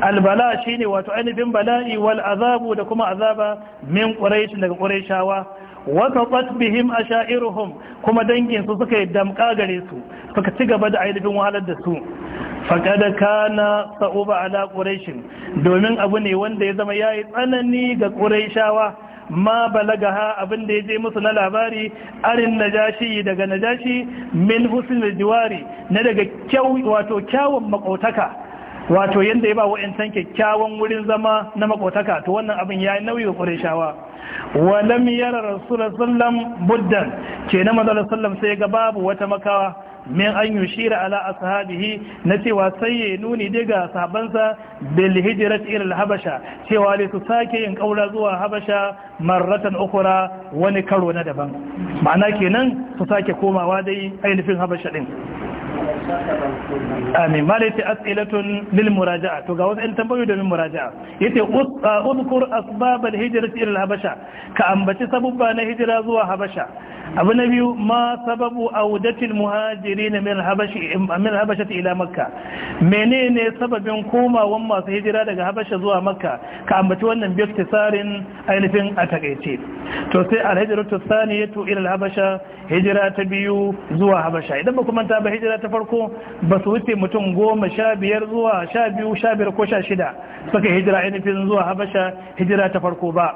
albala shine wato ainihin bala'i wal azabu da kuma azaba min ƙwarai daga shawa Wata taqat bihim ashairuhum kuma dangin su suka yi damƙa gare su suka ci gaba da ainihin wahalar da su faƙada kana sa'uba ala ƙwarai domin abu ne wanda ya zama ya yi tsanani ga qurayshawa ma ha abin da ya je musu na labari arin najashi daga najashi min husnul jiwari na daga wato kyawun makotaka, wato yadda ya ba wa'ancan kyakkyawan wurin zama na makotaka to wannan abin ya yi nauyi wa ƙurishawa wa lam yara rasulullah sallam buddan ke na sallam sai ga babu wata makawa min an yushira ala ashabihi na cewa sai ya nuni daga sabansa bil hijrat ila habasha cewa ne su sake yin kaura zuwa habasha marratan ukura wani karo na daban ma'ana kenan su sake komawa dai ainihin habasha din amin ma da yace as'ilatun lil muraja'a to ga wasu ɗan tambayoyi domin muraja'a yace uzkur asbab al hijrati ila habasha ka ambaci sabubba na hijira zuwa habasha abu na biyu ma sababu audatil muhajirin min habashi min habasha ila makka menene sababin komawan masu hijira daga habasha zuwa makka ka ambaci wannan biftisarin ainihin a takaice to sai al hijratu thaniyatu ila al habasha hijira ta biyu zuwa habasha idan ba kuma ta ba hijira ta farko ba su wuce mutum goma sha biyar zuwa sha biyu sha biyar ko sha shida suka hijira ainihin zuwa habasha hijira ta farko ba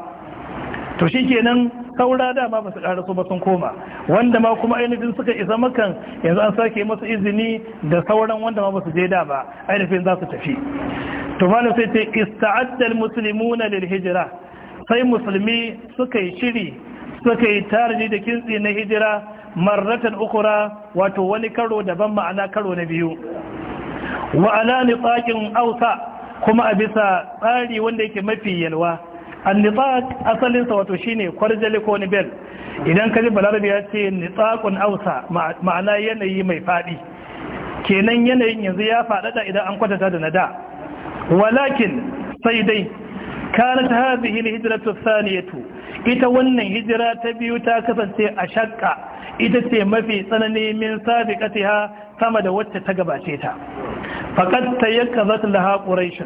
to shi kenan saura dama ba su karasu ba sun koma wanda ma kuma ainihin suka isa makan yanzu an sake masu izini da sauran wanda ma ba su je da ba ainihin za su tafi to malam sai ce ista'addal muslimuna lil hijira sai musulmi suka yi shiri suka yi tarihi da kintsi na hijira marratan ukura wato wani karo daban ma'ana karo na biyu wa ala nitaqin ausa kuma a bisa tsari wanda yake mafi yalwa annifaq asalin sa wato shine kwarjali ko nibel idan kaji balarabi ya ce nitaqun ausa ma'ana yanayi mai fadi kenan yanayin yanzu ya faɗaɗa idan an kwatanta da nada walakin sai dai kanat hadhihi alhijratu thaniyatu ita wannan hijira ta biyu ta kasance a shakka ita ce mafi tsanani min ha sama da wacce ta gabace ta faqad tayakkazat laha quraish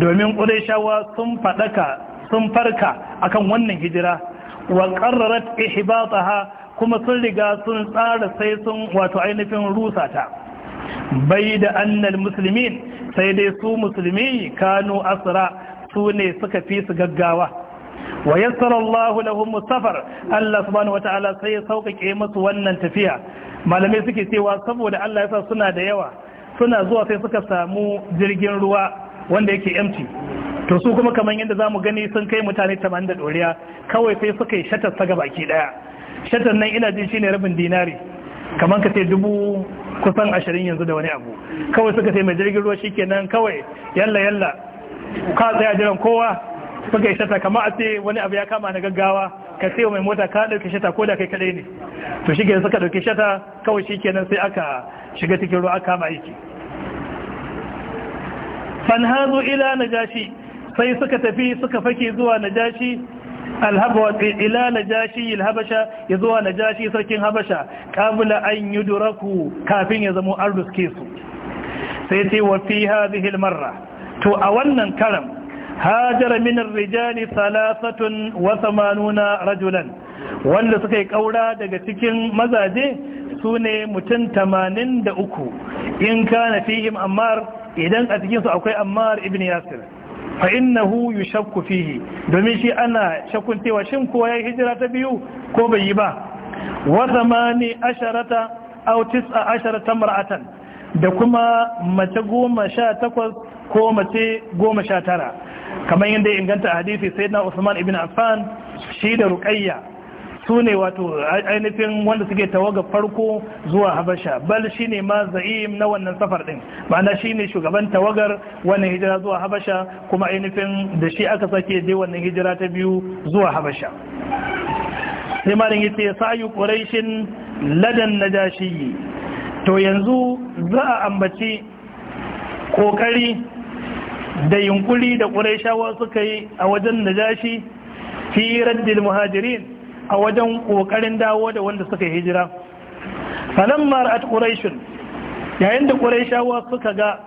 domin quraishawa sun fadaka sun farka akan wannan hijira wa qarrarat ihbataha kuma sun riga sun tsara sai sun wato ainihin rusata bai da annal musulmin sai dai su musulmi kanu asra su ne suka fi su gaggawa wa yassara Allah lahum musafar Allah subhanahu wataala sai ya sauƙaƙe musu wannan tafiya malamai suke cewa saboda Allah yasa suna da yawa suna zuwa sai suka samu jirgin ruwa wanda yake empty to su kuma kamar yadda zamu gani sun kai mutane 80 da doriya kawai sai suka yi shatar ta gabaki daya shatar nan ina jin shine rabin dinari kamar ka ce dubu kusan ashirin yanzu da wani abu kawai suka sai mai jirgin ruwa shikenan kawai yalla yalla ka tsaya jiran kowa suka yi shata kama a ce wani abu ya kama na gaggawa ka ce mai mota ka ɗauki shata ko da kai kaɗai ne to shi suka ɗauki shata kawai shi kenan sai aka shiga cikin ruwa aka kama aiki fanhazu ila na Jashi sai suka tafi suka fake zuwa najashi ila na najashi ilhabasha ya zuwa najashi sarkin habasha kabula an yi duraku kafin ya zamo an ruske su sai ce wa fi hadhihi almarra to a wannan karam hajara minin rijali salasatun wa manuna rajulan wanda suka yi ƙaura daga cikin mazaje sune mutum tamanin da uku in kana fihim ammar idan a cikinsu akwai ammar ibn yasir fa innahu shakku fihi domin shi ana shakkun shin ko yayi hijira ta biyu ko bai yi ba wa thamani asharata aw tis'a asharata mar'atan da kuma mace goma sha takwas ko mace goma sha tara kamar yadda ya inganta hadisi sai na usman ibn affan shi da ruqayya su ne wato ainihin wanda suke tawaga farko zuwa habasha bal shi ne ma za'im na wannan safar din ma'ana shi ne shugaban tawagar wannan hijira zuwa habasha kuma ainihin da shi aka sake je wannan hijira ta biyu zuwa habasha sai ma rin yace sa'yu quraishin ladan na najashi to yanzu za a ambaci ƙoƙari. da yunkuri da ƙuraishawa suka yi a wajen najashi fi raddil muhajirin a wajen ƙoƙarin dawo da wanda suka yi hijira falamma ra'at quraishun yayin da quraishawa suka ga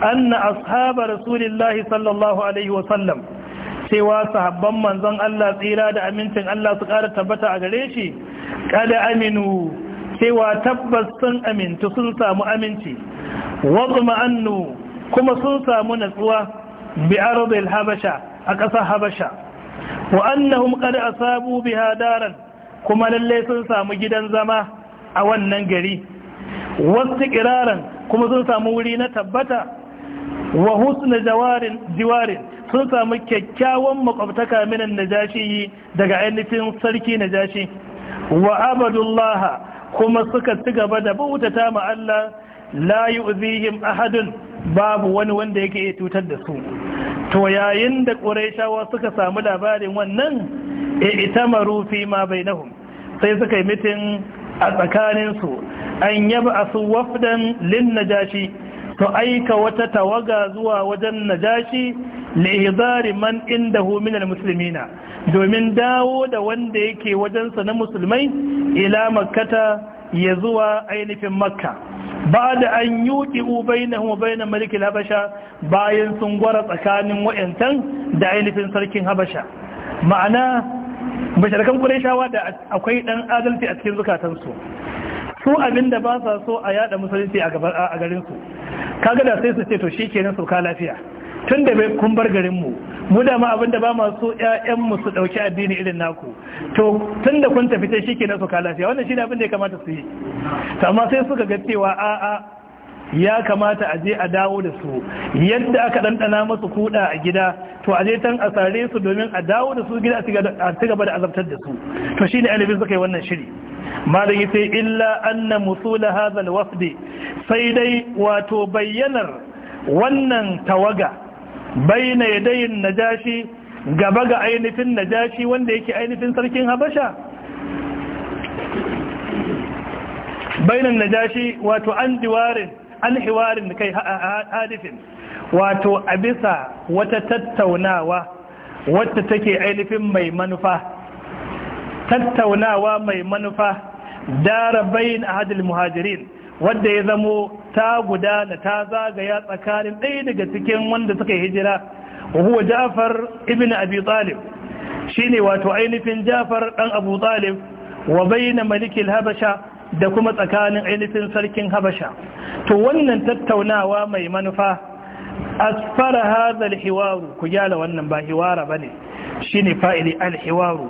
anna ashabar rasulillahi sallallahu alaihi wa sallam cewa sahabban manzon Allah tsira da amincin Allah su ƙara tabbata a gare shi kada aminu cewa tabbas sun amintu sun samu aminci wa annu kuma sun samu natsuwa bi aradil habasha a ƙasar habasha wa annahum qad asabu biha daran kuma lalle sun samu gidan zama a wannan gari wasu kiraran kuma sun samu wuri na tabbata wa husna jawarin jiwarin sun samu kyakkyawan makwabtaka minan najashi daga ainihin sarki najashi wa abadullaha kuma suka ci gaba da bautata ma Allah la yu'zihim ahadun babu wani wanda yake iya cutar da su to yayin da ƙuraishawa suka samu labarin wannan e itamaru fi ma bainahum sai suka yi mitin a tsakaninsu an yaba a su wafdan lin najashi to aika wata tawaga zuwa wajen najashi lihizari man indahu minal muslimina domin dawo da wanda yake wajensa na musulmai ila makkata ya zuwa ainihin makka ba da an yuki ubai na hubai na malikin habasha bayan sun gwara tsakanin wa'yantan da ainihin sarkin habasha ma'ana bashirkan shawa da akwai ɗan adalci a cikin zukatansu su abinda ba sa so a yada musulunci a garinsu kaga da sai su ce to shi kenan su ka lafiya tun da kun bar garinmu mu da ma abinda ba masu ƴaƴanmu su ɗauki addini irin naku to tun da kun tafi tai shikenan su kalafiya wannan shine abin da ya kamata su yi to amma sai suka ga cewa a a ya kamata a je a dawo da su yadda aka ɗanɗana masu kuɗa a gida to a je tan a sare su domin a dawo da su gida a ci gaba da azabtar da su to shi ne alibin suka yi wannan shiri malam sai illa anna musula hazal sai dai wato bayyanar wannan tawaga baina yadayin najashi gaba ga ainihin najashi wanda yake ainihin sarkin habasha bainan najashi wato an diwarin an hiwarin kai hadifin wato a bisa wata tattaunawa wata take ainihin mai manufa tattaunawa mai manufa dara bayin ahadul muhajirin wadda ya zamo ta gudana ta zagaya tsakanin ɗaya daga cikin wanda suka hijira wa huwa Ja'far ibn Abi Talib shine wato ainihin Ja'far dan Abu Talib wa bayna Malik al-Habasha da kuma tsakanin ainihin sarkin Habasha to wannan tattaunawa mai manufa asfara hadha al ku gyara wannan ba hiwara bane shine fa'ili al-hiwaru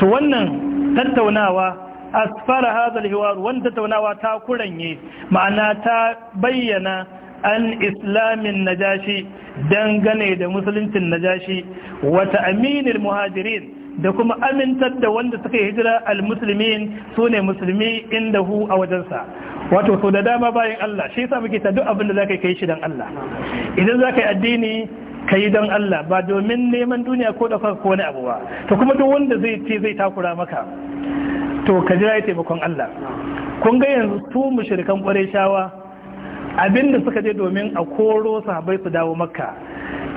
to wannan tattaunawa asfara hadal hiwar wanda taunawa ta kuranye ma'ana ta bayyana an islamin najashi dangane da musuluncin najashi wata aminin muhajirin da kuma amintar da wanda suka yi hijira al-musulmin sune ne musulmi inda hu a wajensa wato sau da dama bayan Allah shi yasa muke ta duk abin da zaka kai shi dan Allah idan zaka yi addini kai don Allah ba domin neman duniya ko da ko wani abu ba to kuma duk wanda zai ce zai takura maka to ka jira ya taimakon Allah kun ga yanzu su mushrikan shawa abinda suka je domin a koro sahabbai su dawo makka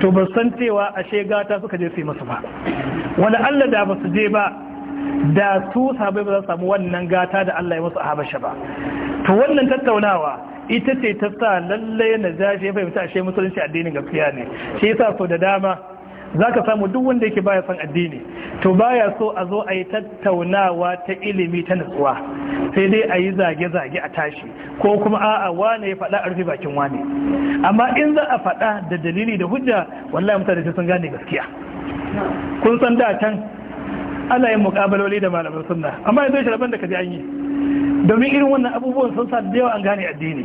to ba san cewa ashe gata suka je su yi masu ba wani Allah da ba su je ba da su sahabbai ba za su samu wannan gata da Allah ya musu a habasha ba to wannan tattaunawa ita ce ta sa lallai na zafi ya fahimta ashe musulunci addinin gaskiya ne shi yasa so da dama za ka samu duk wanda yake baya son addini to baya so a zo a yi tattaunawa ta ilimi ta nutsuwa sai dai a yi zage-zage a tashi ko kuma a'a wane ya faɗa a rufe bakin wane amma in za a faɗa da dalili da hujja wallahi mutane sun gane gaskiya kun san da can ana yin mukabaloli da malaman sunna amma yanzu shi rabin da ka ji an yi domin irin wannan abubuwan sun sa da yawa an gane addini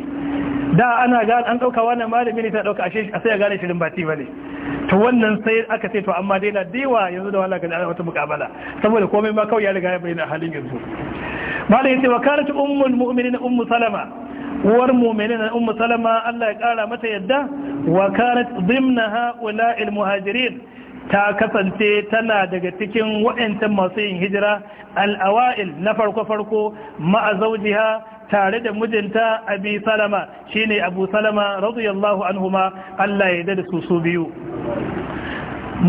da ana gane an dauka wannan malami ne ta dauka ashe sai ya gane shirin bati bane to wannan sai aka ce to amma dai na dewa yanzu da wallahi ga wata mukabala saboda komai ma kawai ya riga ya bayyana halin yanzu malai yace wakalatu ummul mu'minin ummu salama uwar mu'minin ummu salama Allah ya kara mata yadda wakalat dimna ha'ula'il muhajirin ta kasance tana daga cikin waɗancan masu yin hijira al'awa'il na farko-farko ma'azaujiha tare da mijinta abi salama shine abu salama radiyallahu anhuma Allah ya da su su biyu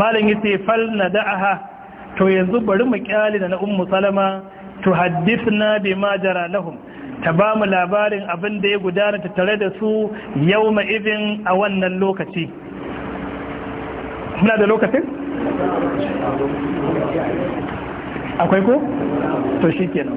malin yace fal nada'aha to yanzu bari mu kyali da na ummu salama tuhaddithna bima jara lahum ta ba mu labarin abin da ya gudana tare da su yawma idin a wannan lokaci muna da lokacin akwai ko to shi kenan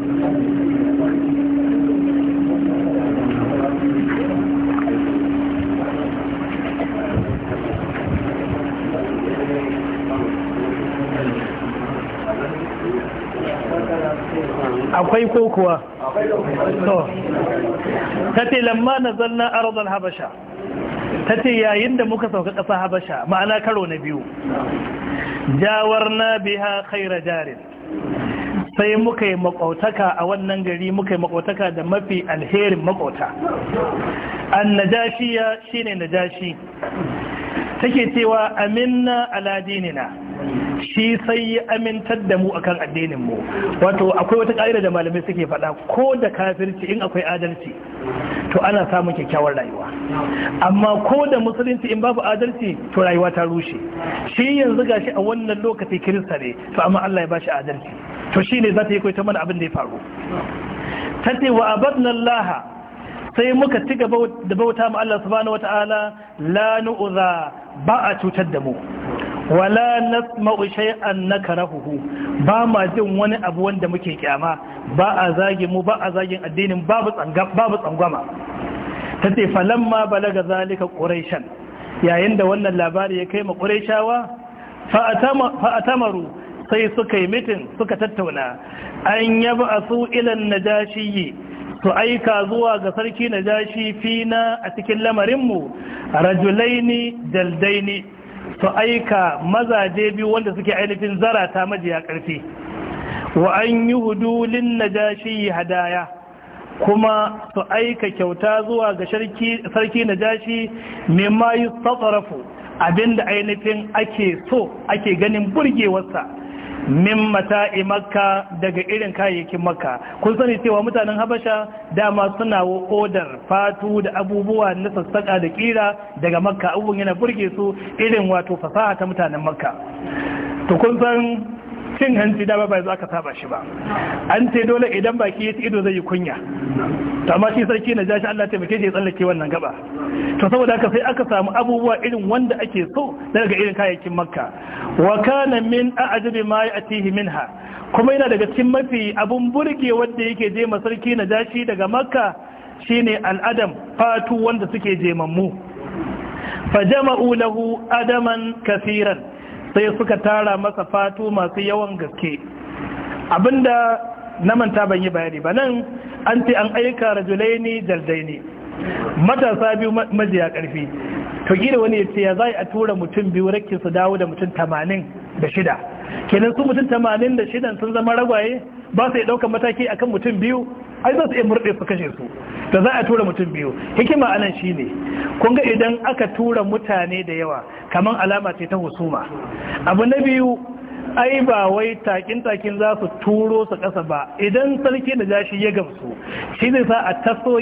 akwai ko kuwa to ta ce lamma na zanna arzon habasha ta ce yayin da muka sauka ƙasa habasha ma'ana karo na biyu jawar na biya khaira jarin sai muka yi makautaka a wannan gari muka yi makautaka da mafi alherin makauta an najashiya shine najashi take cewa aminna aladinina shi sai ya amintar da mu akan addinin mu wato akwai wata ƙa'ida da malamai suke faɗa ko da kafirci in akwai adalci to ana samun kyakkyawar rayuwa amma ko da musulunci in babu adalci to rayuwa ta rushe shi yanzu gashi a wannan lokaci kirista ne to amma Allah ya bashi adalci to shi za ta yi kwaita mana abin da ya faru ta ce wa abadna Allah sai muka ci gaba bauta ma Allah subhanahu wataala la nu'za ba a cutar da mu wala nasma'u shay'an nakarahu ba ma jin wani abu wanda muke kyama ba a zage mu ba a zagin addinin babu tsangam babu tsangwama tace falamma balaga zalika quraishan yayin da wannan labari ya kai ma quraishawa fa atama fa sai suka yi mitin suka tattauna an yaba su ilan najashi su aika zuwa ga sarki najashi fina a cikin lamarinmu rajulaini daldaini su aika mazaje biyu wanda suke ainihin zarata majiya karfi wa an yi hudu lin najashi hadaya kuma su aika kyauta zuwa ga sarki najashi ma yi abinda ainihin ake so ake ganin burgewarsa min mata'i makka daga irin kayayyakin makka kun sani cewa mutanen habasha dama suna odar fatu da abubuwa na sassaka da kira daga makka abubuwan yana burge su irin wato fasaha ta mutanen makka to kun san cin hanci da ba za ka saba shi ba an ce dole idan baki ya ci ido zai yi kunya to amma shi sarki na jashi Allah taimake shi ya tsallake wannan gaba to saboda haka sai aka samu abubuwa irin wanda ake so daga irin kayayyakin makka wa kana min a'jabi ma ya'tihi minha kuma yana daga cikin mafi abun burge wanda yake je masarki na jashi daga makka shine al'adam fatu wanda suke jemammu fa jama'u lahu adaman kafiran sai suka tara masa fatu masu yawan gaske abinda na manta ban yi bayani ba nan an ce an aika jaldai ne matasa biyu majiya karfi to gida wani ya ce ya za a tura mutum biyu rakin su dawo da mutum tamanin da shida kenan su mutum tamanin da shidan sun zama ragwaye ba su iya ɗaukar mataki akan mutum biyu ai za su iya murɗe su kashe su da za a tura mutum biyu hikima anan shi ne kun ga idan aka tura mutane da yawa kamar alama ce ta husuma abu na biyu ai ba wai takin-takin za su turo su ƙasa ba idan sarki da jashi ya gamsu shi zai sa a taso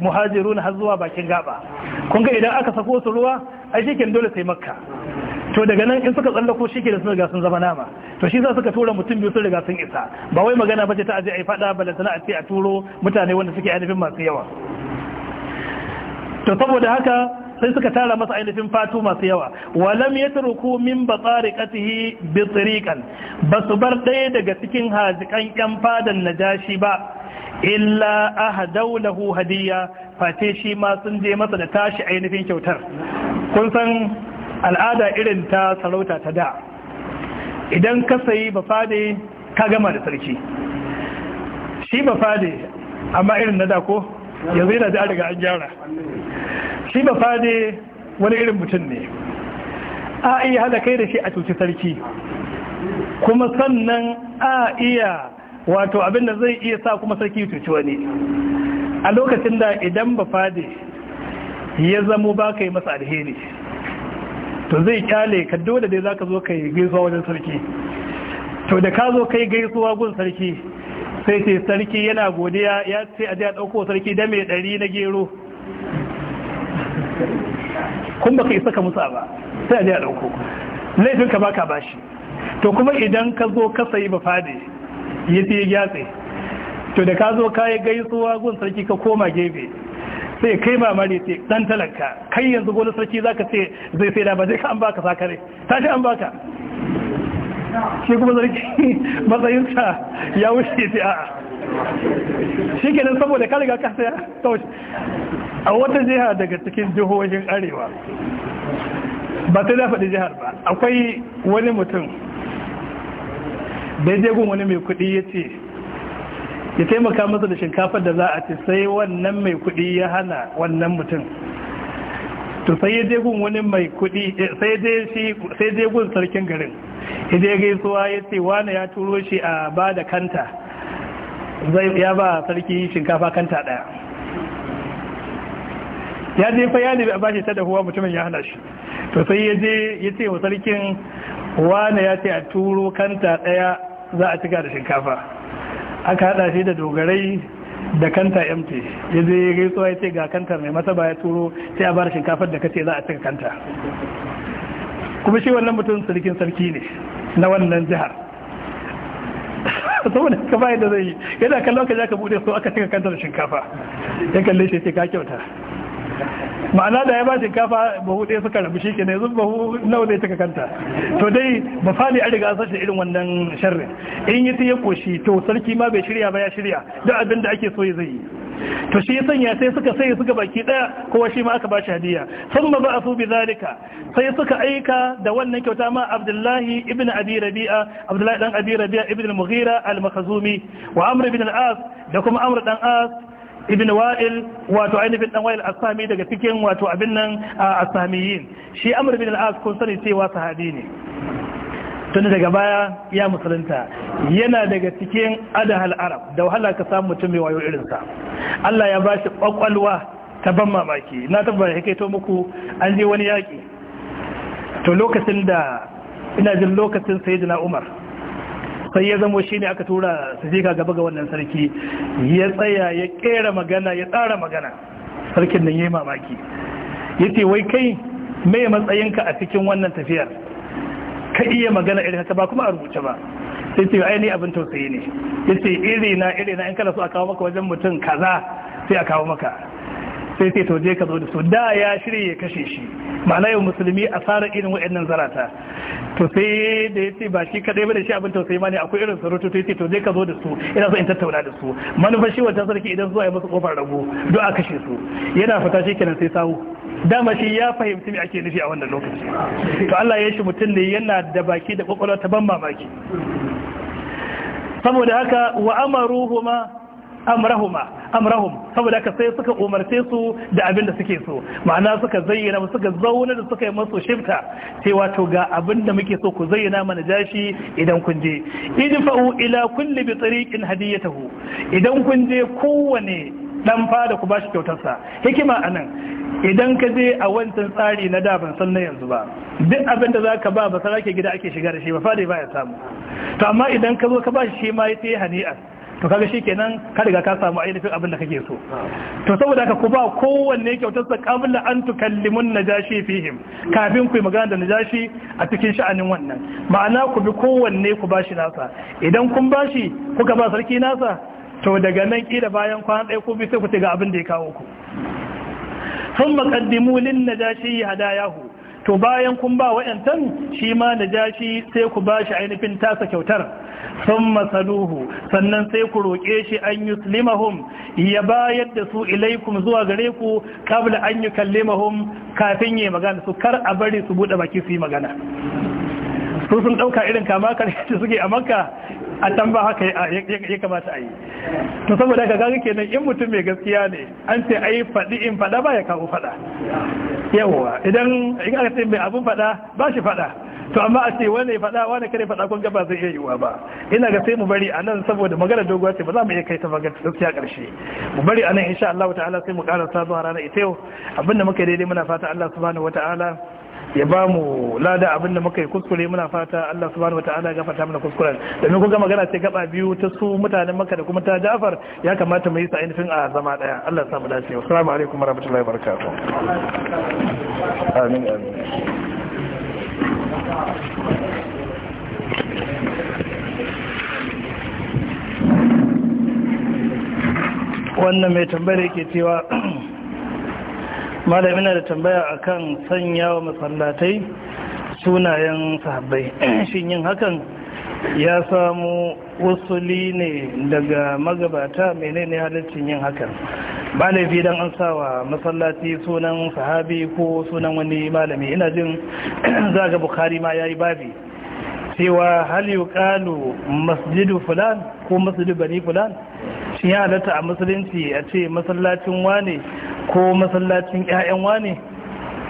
muhajiru na har zuwa bakin gaba kun ga idan aka sako su ruwa ai shi dole sai makka to daga nan in suka tsallako shi ke da suna gasun zama nama to shi sa suka tura mutum biyu sun riga sun isa ba wai magana ba ce ta aje a yi fada balantana a ce a turo mutane wanda suke ainihin masu yawa to saboda haka sai suka tara masa ainihin fatu masu yawa walam ya turku min katihi bi ba su bar ɗaya daga cikin hajikan yan fadan najashi ba illa ahadau lahu hadiya fate shi ma sun je masa da tashi ainihin kyautar kun san al'ada irin ta sarauta ta da idan ka sayi bafade ka gama da sarki shi bafade amma irin na da ko yanzu yana da riga an gyara shi bafade wani irin mutum ne a iya hada kai da shi a cuci sarki kuma sannan a iya wato abin zai iya sa kuma sarki cuci wani a lokacin da idan bafade ya zamo ba ka yi masa alheri to zai kyale ka dole dai zaka zo kai gaisuwa wajen sarki to da ka zo kai gaisuwa gun sarki sai sai sarki yana godiya ya ce a jiya dauko sarki da mai ɗari na gero kun baka isa ka musa ba sai a jiya dauko. laifin ka baka bashi to kuma idan ka zo ka sayi ba fade ya gyatse to da ka zo ka yi gaisuwa gun sarki ka koma gefe sai kai mamari sai dan talaka kai yanzu gona sarki zaka ce zai sai da ba zai ka an baka ne tashi an baka shi kuma matsayin matsayinsa ya wuce sai a'a shi kenan saboda ka riga ka saya to a wata jiha daga cikin jihohin arewa ba sai da faɗi jihar ba akwai wani mutum da ya gun wani mai kuɗi ya ce ya taimaka masa da shinkafar da za a ci sai wannan mai kuɗi ya hana wannan mutum to sai ya gun wani mai kudi eh, sai gun sarkin garin ya je gaisuwa ya ce wani ya turo shi a ba da kanta ya ba sarki shinkafa kanta ɗaya ya je fa ya a ba shi ta dahuwa mutumin ya hana shi to sai ya je ya ce wa sarkin wani ya ce a turo kanta ɗaya za a cika da shinkafa aka hada shi da dogarai da kanta mt ya zai ya gaisuwa ya ce ga kanta mai ba ya turo sai a bar shinkafar da ka ce za a cika kanta kuma shi wannan mutum sarkin sarki ne na wannan jihar saboda ka bayan da zai yi yana kallon ka ja ka bude so aka cika kanta da shinkafa ya kalle shi ce ka kyauta ma'ana da ya ba shinkafa bahu ɗaya suka rabu shi kenan yanzu bahu nawa zai taka kanta to dai ba fali an riga an sashi irin wannan sharrin in yi ta ya koshi to sarki ma bai shirya ba ya shirya duk abin da ake so ya zai yi to shi ya sanya sai suka sai suka baki ɗaya kowa shi ma aka ba shi hadiya sun ma ba a su bi zalika sai suka aika da wannan kyauta ma abdullahi ibn abi rabi'a abdullahi dan abi rabi'a ibn al-mughira al-makhzumi wa amr ibn al-as da kuma amr dan as ibn wa'il wato ainihin dan wa'il asami daga cikin wato abin nan asamiyin shi amr ibn al-as kun sani cewa sahabi ne tun daga baya ya musulunta yana daga cikin adahal arab da wahala ka samu mutum mai wayo irin sa. Allah ya ba shi kwakwalwa ta ban mamaki na tabbata ya kaito muku an je wani yaki to lokacin da ina jin lokacin sayyidina umar sai ya zama shi ne aka tura su je ka gaba ga wannan sarki ya tsaya ya kera magana ya tsara magana sarkin nan ya yi mamaki ya ce wai kai mai matsayinka a cikin wannan tafiyar ka iya magana irin haka ba kuma a rubuce ba sai ce ai ne abin tausayi ne ya ce irina na iri na in kana so a kawo maka wajen mutum kaza sai a kawo maka sai sai je ka zo da su da ya shirye ya kashe shi ma'ana yau musulmi a fara irin waɗannan zarata to sai da ya ce ba shi kadai ba da shi abin tausayi ma ne akwai irin sarauta to sai to je ka zo da su ina so in tattauna da su manufar shi wata sarki idan zuwa ya masa kofar rago don a kashe su yana fita shi kenan sai sawo dama shi ya fahimci me ake nufi a wannan lokaci to Allah ya shi mutum ne yana da baki da kwakwalwa ta ban mamaki saboda haka wa amaruhuma amrahuma amrahum saboda ka sai suka umarce su da abin da suke so ma'ana suka zayyana suka zauna da suka yi masu shifta sai wato ga abin da muke so ku zayyana mana jashi idan kun je idfa'u ila kulli bi tariqin hadiyatahu idan kun je kowane dan fada ku bashi kyautarsa hikima anan idan ka je a wancan tsari na da ban san na yanzu ba duk abin da zaka ba ba sarake gida ake shiga da shi ba fada ba ya samu to amma idan ka zo ka bashi shi ma yace hani'ar to kaga shikenan ka riga ka samu ainihin abin da kake so to saboda haka ku ba kowanne kyautar sa qabla an tukallimun najashi fihim kafin ku yi magana da najashi a cikin sha'anin wannan ma'ana ku bi kowanne ku bashi nasa idan kun bashi kuka ba sarki nasa to daga nan kila bayan kwana ɗaya ku bi sai ku ce ga abin da ya kawo ku sun maƙaddimu lin najashi hadayahu to bayan kun ba wa'yantan shi ma da jashi sai ku ba shi ainihin tasa kyautar sun masaluhu sannan sai ku roƙe shi an yi slimahum ya bayar da su ilaikum zuwa gare ku kabla an yi kallimahum kafin yi magana su kar a bari su buɗe baki su yi magana su sun ɗauka irin kama karshe suke a makka a tamba haka ya kamata a yi to saboda ga gari kenan in mutum mai gaskiya ne an ce ai faɗi in faɗa ba ya kawo faɗa yawwa idan in aka ce mai abin faɗa ba shi faɗa to amma a ce wani faɗa wani kare faɗa kun gaba zai iya yiwuwa ba ina ga sai mu bari a nan saboda magana doguwa ce ba za mu iya kai ta magana gaskiya ƙarshe mu bari a nan insha Allah ta'ala sai mu ƙara zuwa rana ita yau abinda muka daidai muna fata Allah subhanahu wa ya ba mu lada abin da muka yi kuskure muna fata Allah subhanahu wataala ya gafarta mana kuskuren domin kun ga magana ce gaba biyu ta su mutanen Makka da kuma ta Ja'far ya kamata mu yi sa'in a zama daya Allah ya samu dace assalamu alaikum warahmatullahi wabarakatuh amin amin wannan mai tambayar yake cewa malamin da tambaya akan sanya wa masallatai sunayen sahabbai shin yin hakan ya samu usuli ne daga magabata menene halittin yin hakan ba laifi don an sawa masallaci sunan sahabi ko sunan wani malami ina jin za ga bukari ma ya yi babi cewa hal yuqalu masjidu fulan ko masjidu bani fulan shi ya halatta a musulunci a ce masallacin wane ko masallacin 'ya'yan wane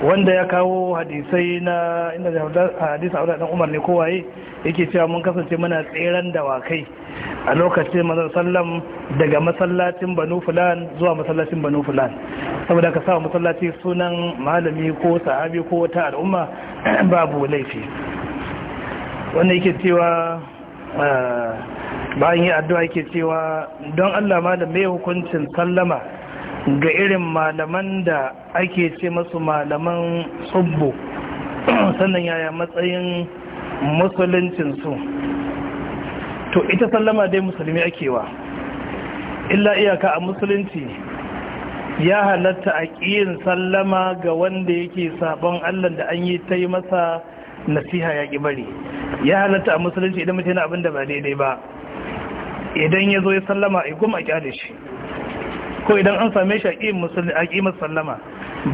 wanda ya kawo hadisai na inda hadisa a dan umar ne kowaye yake cewa mun kasance muna tseren dawakai a lokacin mazan sallam daga masallacin banu fulan zuwa masallacin banu fulan saboda ka sa masallaci sunan malami ko sahabi ko wata al'umma babu laifi wanda yake cewa ah, bayan yi addu'a ke cewa don Allah malam mai hukuncin sallama ga irin malaman da ake ce masu malaman tsubbo sannan yaya matsayin musuluncinsu to ita sallama dai musulmi wa. illa iyaka a musulunci ya halatta a ƙiyin sallama ga wanda yake sabon allah da an yi ta yi masa nasiha ya ƙi bari ya halatta a musulunci idan mutane abin da ba daidai ba idan ya zo ya sallama a gum a kyale shi ko idan an same shi a ƙimar sallama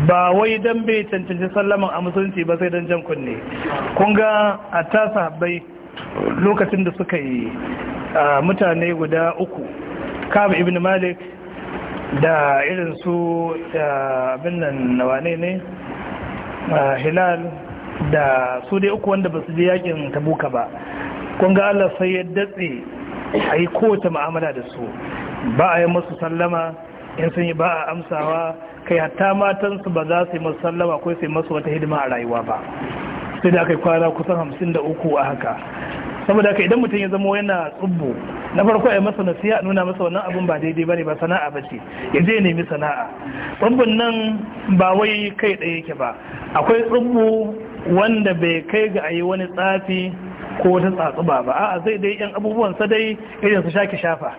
ba wai don bai cancanci sallaman a musulunci ba sai don jan kunne kun ga a tasa bai lokacin da suka yi mutane guda uku kam ibn malik da irin su abin nawane ne hilal da su dai uku wanda ba su je yakin tabuka ba kun ga allah sai ya datse a yi kowace ma'amala da su ba a yi masu sallama in sun yi ba a amsawa kai hatta matansu ba za su yi masu sallama ko su yi masu wata hidima a rayuwa ba sai da aka yi kwana kusan hamsin da uku a haka saboda haka idan mutum ya zama yana tsubbu na farko a masa a nuna masa wannan abin ba daidai ba ne ba sana'a ba ce ya je nemi sana'a tsubbun nan ba wai kai ɗaya yake ba akwai tsubbu wanda bai kai ga ayi wani tsafi ko wata tsatsuba ba a zai dai yan abubuwan sa dai irin su shaki shafa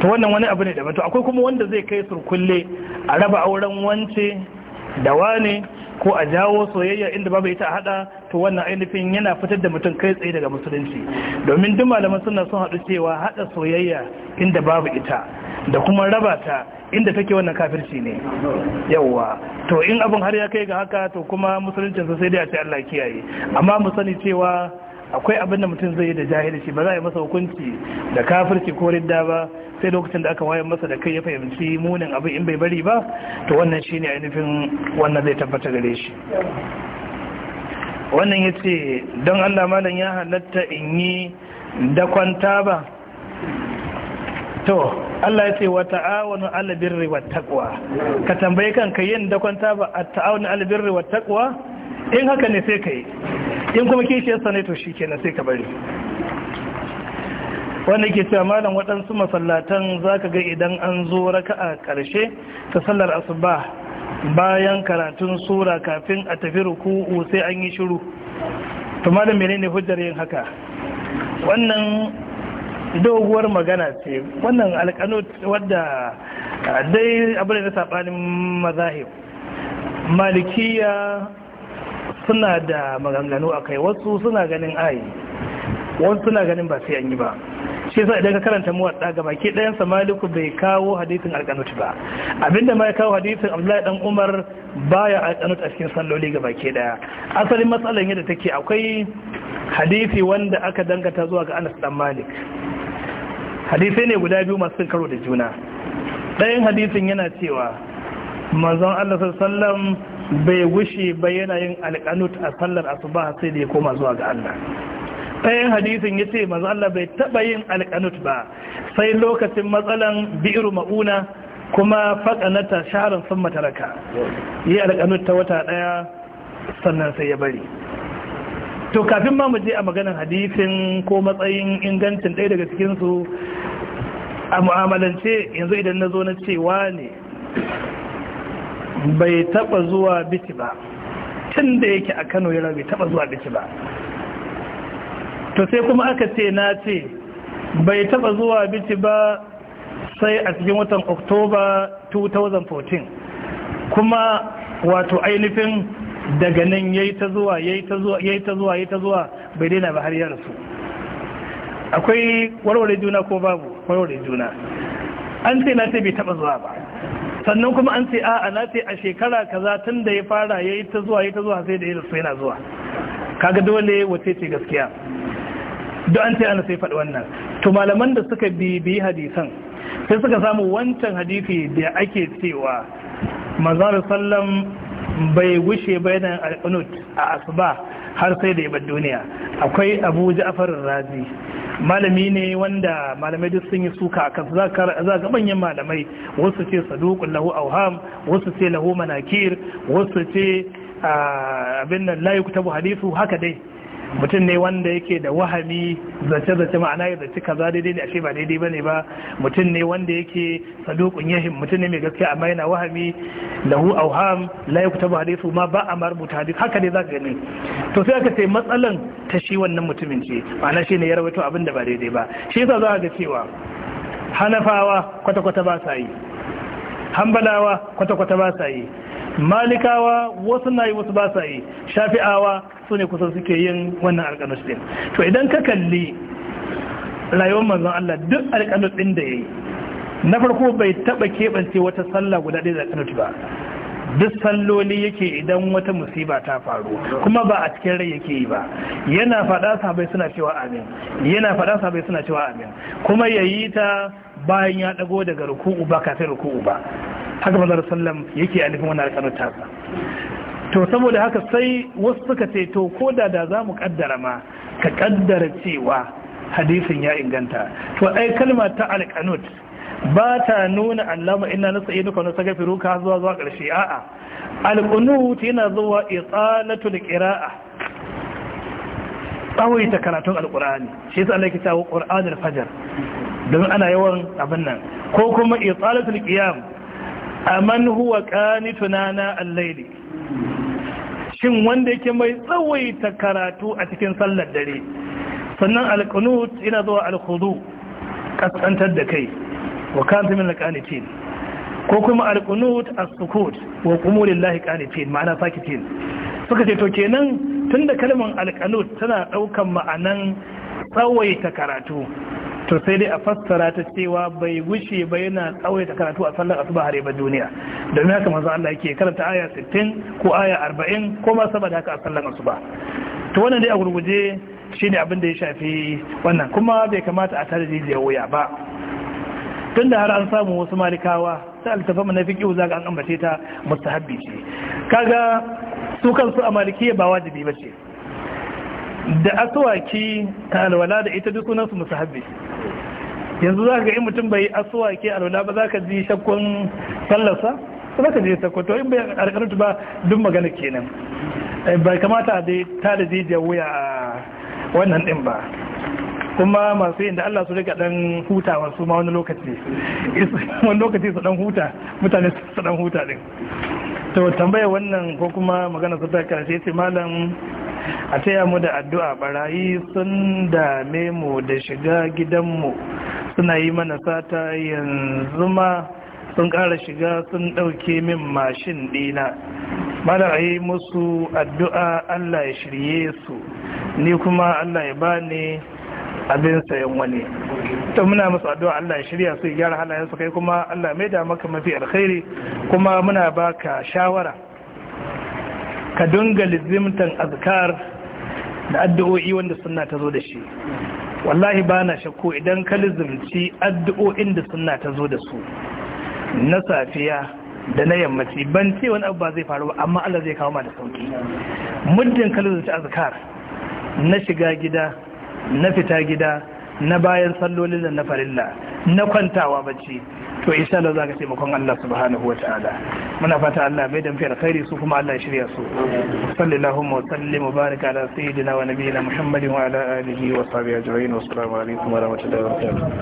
to wannan wani abu ne daban to akwai kuma wanda zai kai surkulle a raba auren wance da wane ko a jawo soyayya inda babu ita a hada to wannan ainihin yana fitar da mutum kai tsaye daga musulunci domin duk malaman suna sun haɗu cewa hada soyayya inda babu ita da kuma raba ta inda take wannan kafirci ne yawwa to in abin har ya kai ga haka to kuma musuluncinsa sai dai a ce Allah kiyaye amma mu sani cewa akwai abin da mutum zai yi da jahilci ba za a yi masa hukunci da kafirci ko ridda ba sai lokacin da aka wayar masa da kai ya fahimci munin abin in bai bari ba to wannan shi a ainihin wannan zai tabbata gare shi wannan ya ce don allah malam ya halatta in yi dakon taba to allah ya ce wa ta'awanu albirri wa taqwa ka tambaye kanka yin dakon taba a ta'awanu albirri wa taqwa in haka ne sai ka yi in kuma kishiyarsa ne to shi kenan sai ka bari wanda ke cewa malam waɗansu masallatan za ka ga idan an zo raka a ƙarshe ta sallar asuba bayan karatun sura kafin a tafi ruku'u sai an yi shiru to malam menene hujjar yin haka wannan doguwar magana ce wannan alƙanut wadda ah, dai abin da saɓanin mazahib malikiya suna da maganganu a kai wasu suna ganin ayi wasu suna ganin ba sai an yi ba shi sa idan ka karanta mu wadda ga baki ɗayan sa maliku bai kawo hadisin alqanut ba abinda mai kawo hadisin abdullahi dan umar baya alqanut a cikin salloli ga baki ɗaya asalin matsalar yadda take akwai hadisi wanda aka dangata zuwa ga anas dan malik hadisi ne guda biyu masu karo da juna ɗayan hadisin yana cewa manzon allah sallallahu alaihi wasallam bai wushe ba yanayin alƙanut a sallar asuba sai da ya koma zuwa ga Allah ɗayan hadisin ya ce Allah bai taɓa yin alƙanut ba sai lokacin matsalan bi'iru ma'una kuma faɗanata sharan sun mataraka yi alƙanut ta wata ɗaya sannan sai ya bari to kafin ma mu je a maganar hadisin ko matsayin ingancin ɗaya daga cikinsu a mu'amalance yanzu idan na zo na cewa ne bai taba zuwa biti ba tun da yake a kano yara bai taba zuwa biti ba to sai kuma aka ce na ce bai taba zuwa biti ba sai a cikin watan oktoba 2014 kuma wato ainihin daga nan ya yi ta zuwa ya yi ta zuwa ya yi ta zuwa bai daina ba har ya rasu akwai warware juna ko babu warware juna an ce na ce bai taba zuwa ba sannan kuma an ce a'a na ce a shekara kaza tun da ya fara ya yi ta zuwa ya ta zuwa sai da ya rasu yana zuwa kaga dole wace ce gaskiya duk an ce ana sai faɗi wannan to malaman da suka bibiyi hadisan sai suka samu wancan hadisi da ake cewa mazar sallam bai gushe bayanan al'unut a asuba har sai da ya bar duniya akwai abu ja'far razi malami ne wanda malamai duk sun yi suka a kansu za ga manyan malamai wasu ce sadukun lahu auham wasu ce lahu manakir wasu ce ah, abin nan ta yuktabu haka dai mutum ne wanda yake da wahami zace-zace ma'ana ya zace za daidai ne a ashe ba daidai ne ba mutum ne wanda yake sadukun yahim mutum ne mai gaskiya amma yana wahami lahu auham la ba hadithu ma ba amar mutahadith haka za ka gani to sai aka ce matsalan ta shi wannan mutumin ce ma'ana shine ya rawaito abin da ba daidai ba shi yasa za ga cewa hanafawa kwata-kwata ba sa yi hambalawa kwata-kwata ba sa yi malikawa wasu na yi wasu ba sa yi shafi'awa su ne kusan suke yin wannan alƙanus ɗin to idan ka kalli rayuwar manzon Allah duk alƙanus ɗin da ya yi na farko bai taɓa keɓance wata sallah guda ɗaya da alƙanus ba duk salloli yake idan wata musiba ta faru kuma ba a cikin rai yake yi ba yana faɗa sabai suna cewa amin yana faɗa sabai suna cewa amin kuma yayi ta bayan ya ɗago daga ruku'u ba kafin ruku'u ba haka mazar sallam yake alifin wani alƙanar tasa to saboda haka sai wasu suka ce to ko da da za mu kaddara ma ka kaddara cewa hadisin ya inganta to ai kalma ta alkanut ba ta nuna allama ina nasa yi duka nasa gafi ruka zuwa zuwa ƙarshe a'a alkunut yana zuwa itsalatul qira'a tsawaita karatun alkur'ani shi yasa Allah ke cewa qur'anul fajr don ana yawan abin nan ko kuma itsalatul qiyam aman huwa qanitun na al shin wanda yake mai tsawaita karatu a cikin sallar dare sannan al-qunut ina zuwa al kasantar da kai wa kanta min al ko kuma al-qunut sukut wa qumulillahi qanitin ma'ana sakitin suka ce to kenan tunda kalmar al tana ɗaukan ma'anan tsawaita karatu to sai dai a fassara ta cewa bai wuce ba yana ta karatu a sallar asuba har ba duniya domin haka manzo Allah yake karanta aya 60 ko aya 40 ko ma saboda haka a sallar asuba to wannan dai a gurguje shine abin da ya shafi wannan kuma bai kamata a tare da wuya ba tunda har an samu wasu malikawa ta altafa mu na za ga an ambace ta mustahabbi ce kaga su kansu a malikiyya ba wajibi ba ce da asuwaki aswaki alwala da ita duk sunansu musahabbi yanzu za ga in mutum bai aswaki alwala ba za ka ji shakkun sallarsa za ka ji shakkun to in bai alƙarfi ba duk magana kenan eh, bai kamata a dai ta da jijiyar wuya a wannan ɗin ba kuma masu yin da Allah su rika dan hutawa su ma wani lokaci wani lokaci su dan huta mutane su dan huta din to tambaya wannan ko kuma magana su ta karshe ce malam a taya mu da addu'a barayi sun dame mu da shiga gidanmu suna yi mana sata yanzu ma sun kara shiga sun ɗauke min mashin ɗina mara a yi musu addu'a Allah ya shirye su ni kuma Allah ya ba abin sayan wani to muna musu addu'a Allah ya shirya su gyara halayen su kai kuma Allah mai da maka mafi alkhairi kuma muna baka shawara ka dinga lizimtan azkar da addu'o'i wanda suna ta zo da shi wallahi ba na shakku idan ka lizimci addu'o'in da suna ta zo da su na safiya da na yammaci ban ce wani abu ba zai faru ba amma Allah zai kawo ma da sauki muddin ka lizimci azkar na shiga gida na fita gida na bayan sallolin da na farilla na kwantawa bacci to insha Allah za ka taimakon Allah subhanahu wa ta'ala muna fata Allah mai damfi alkhairi su kuma Allah ya shirya su sallallahu wa sallim wa baraka ala sayyidina wa nabiyina muhammadin wa ala alihi wa sahbihi ajma'in wa assalamu alaikum wa rahmatullahi wa barakatuh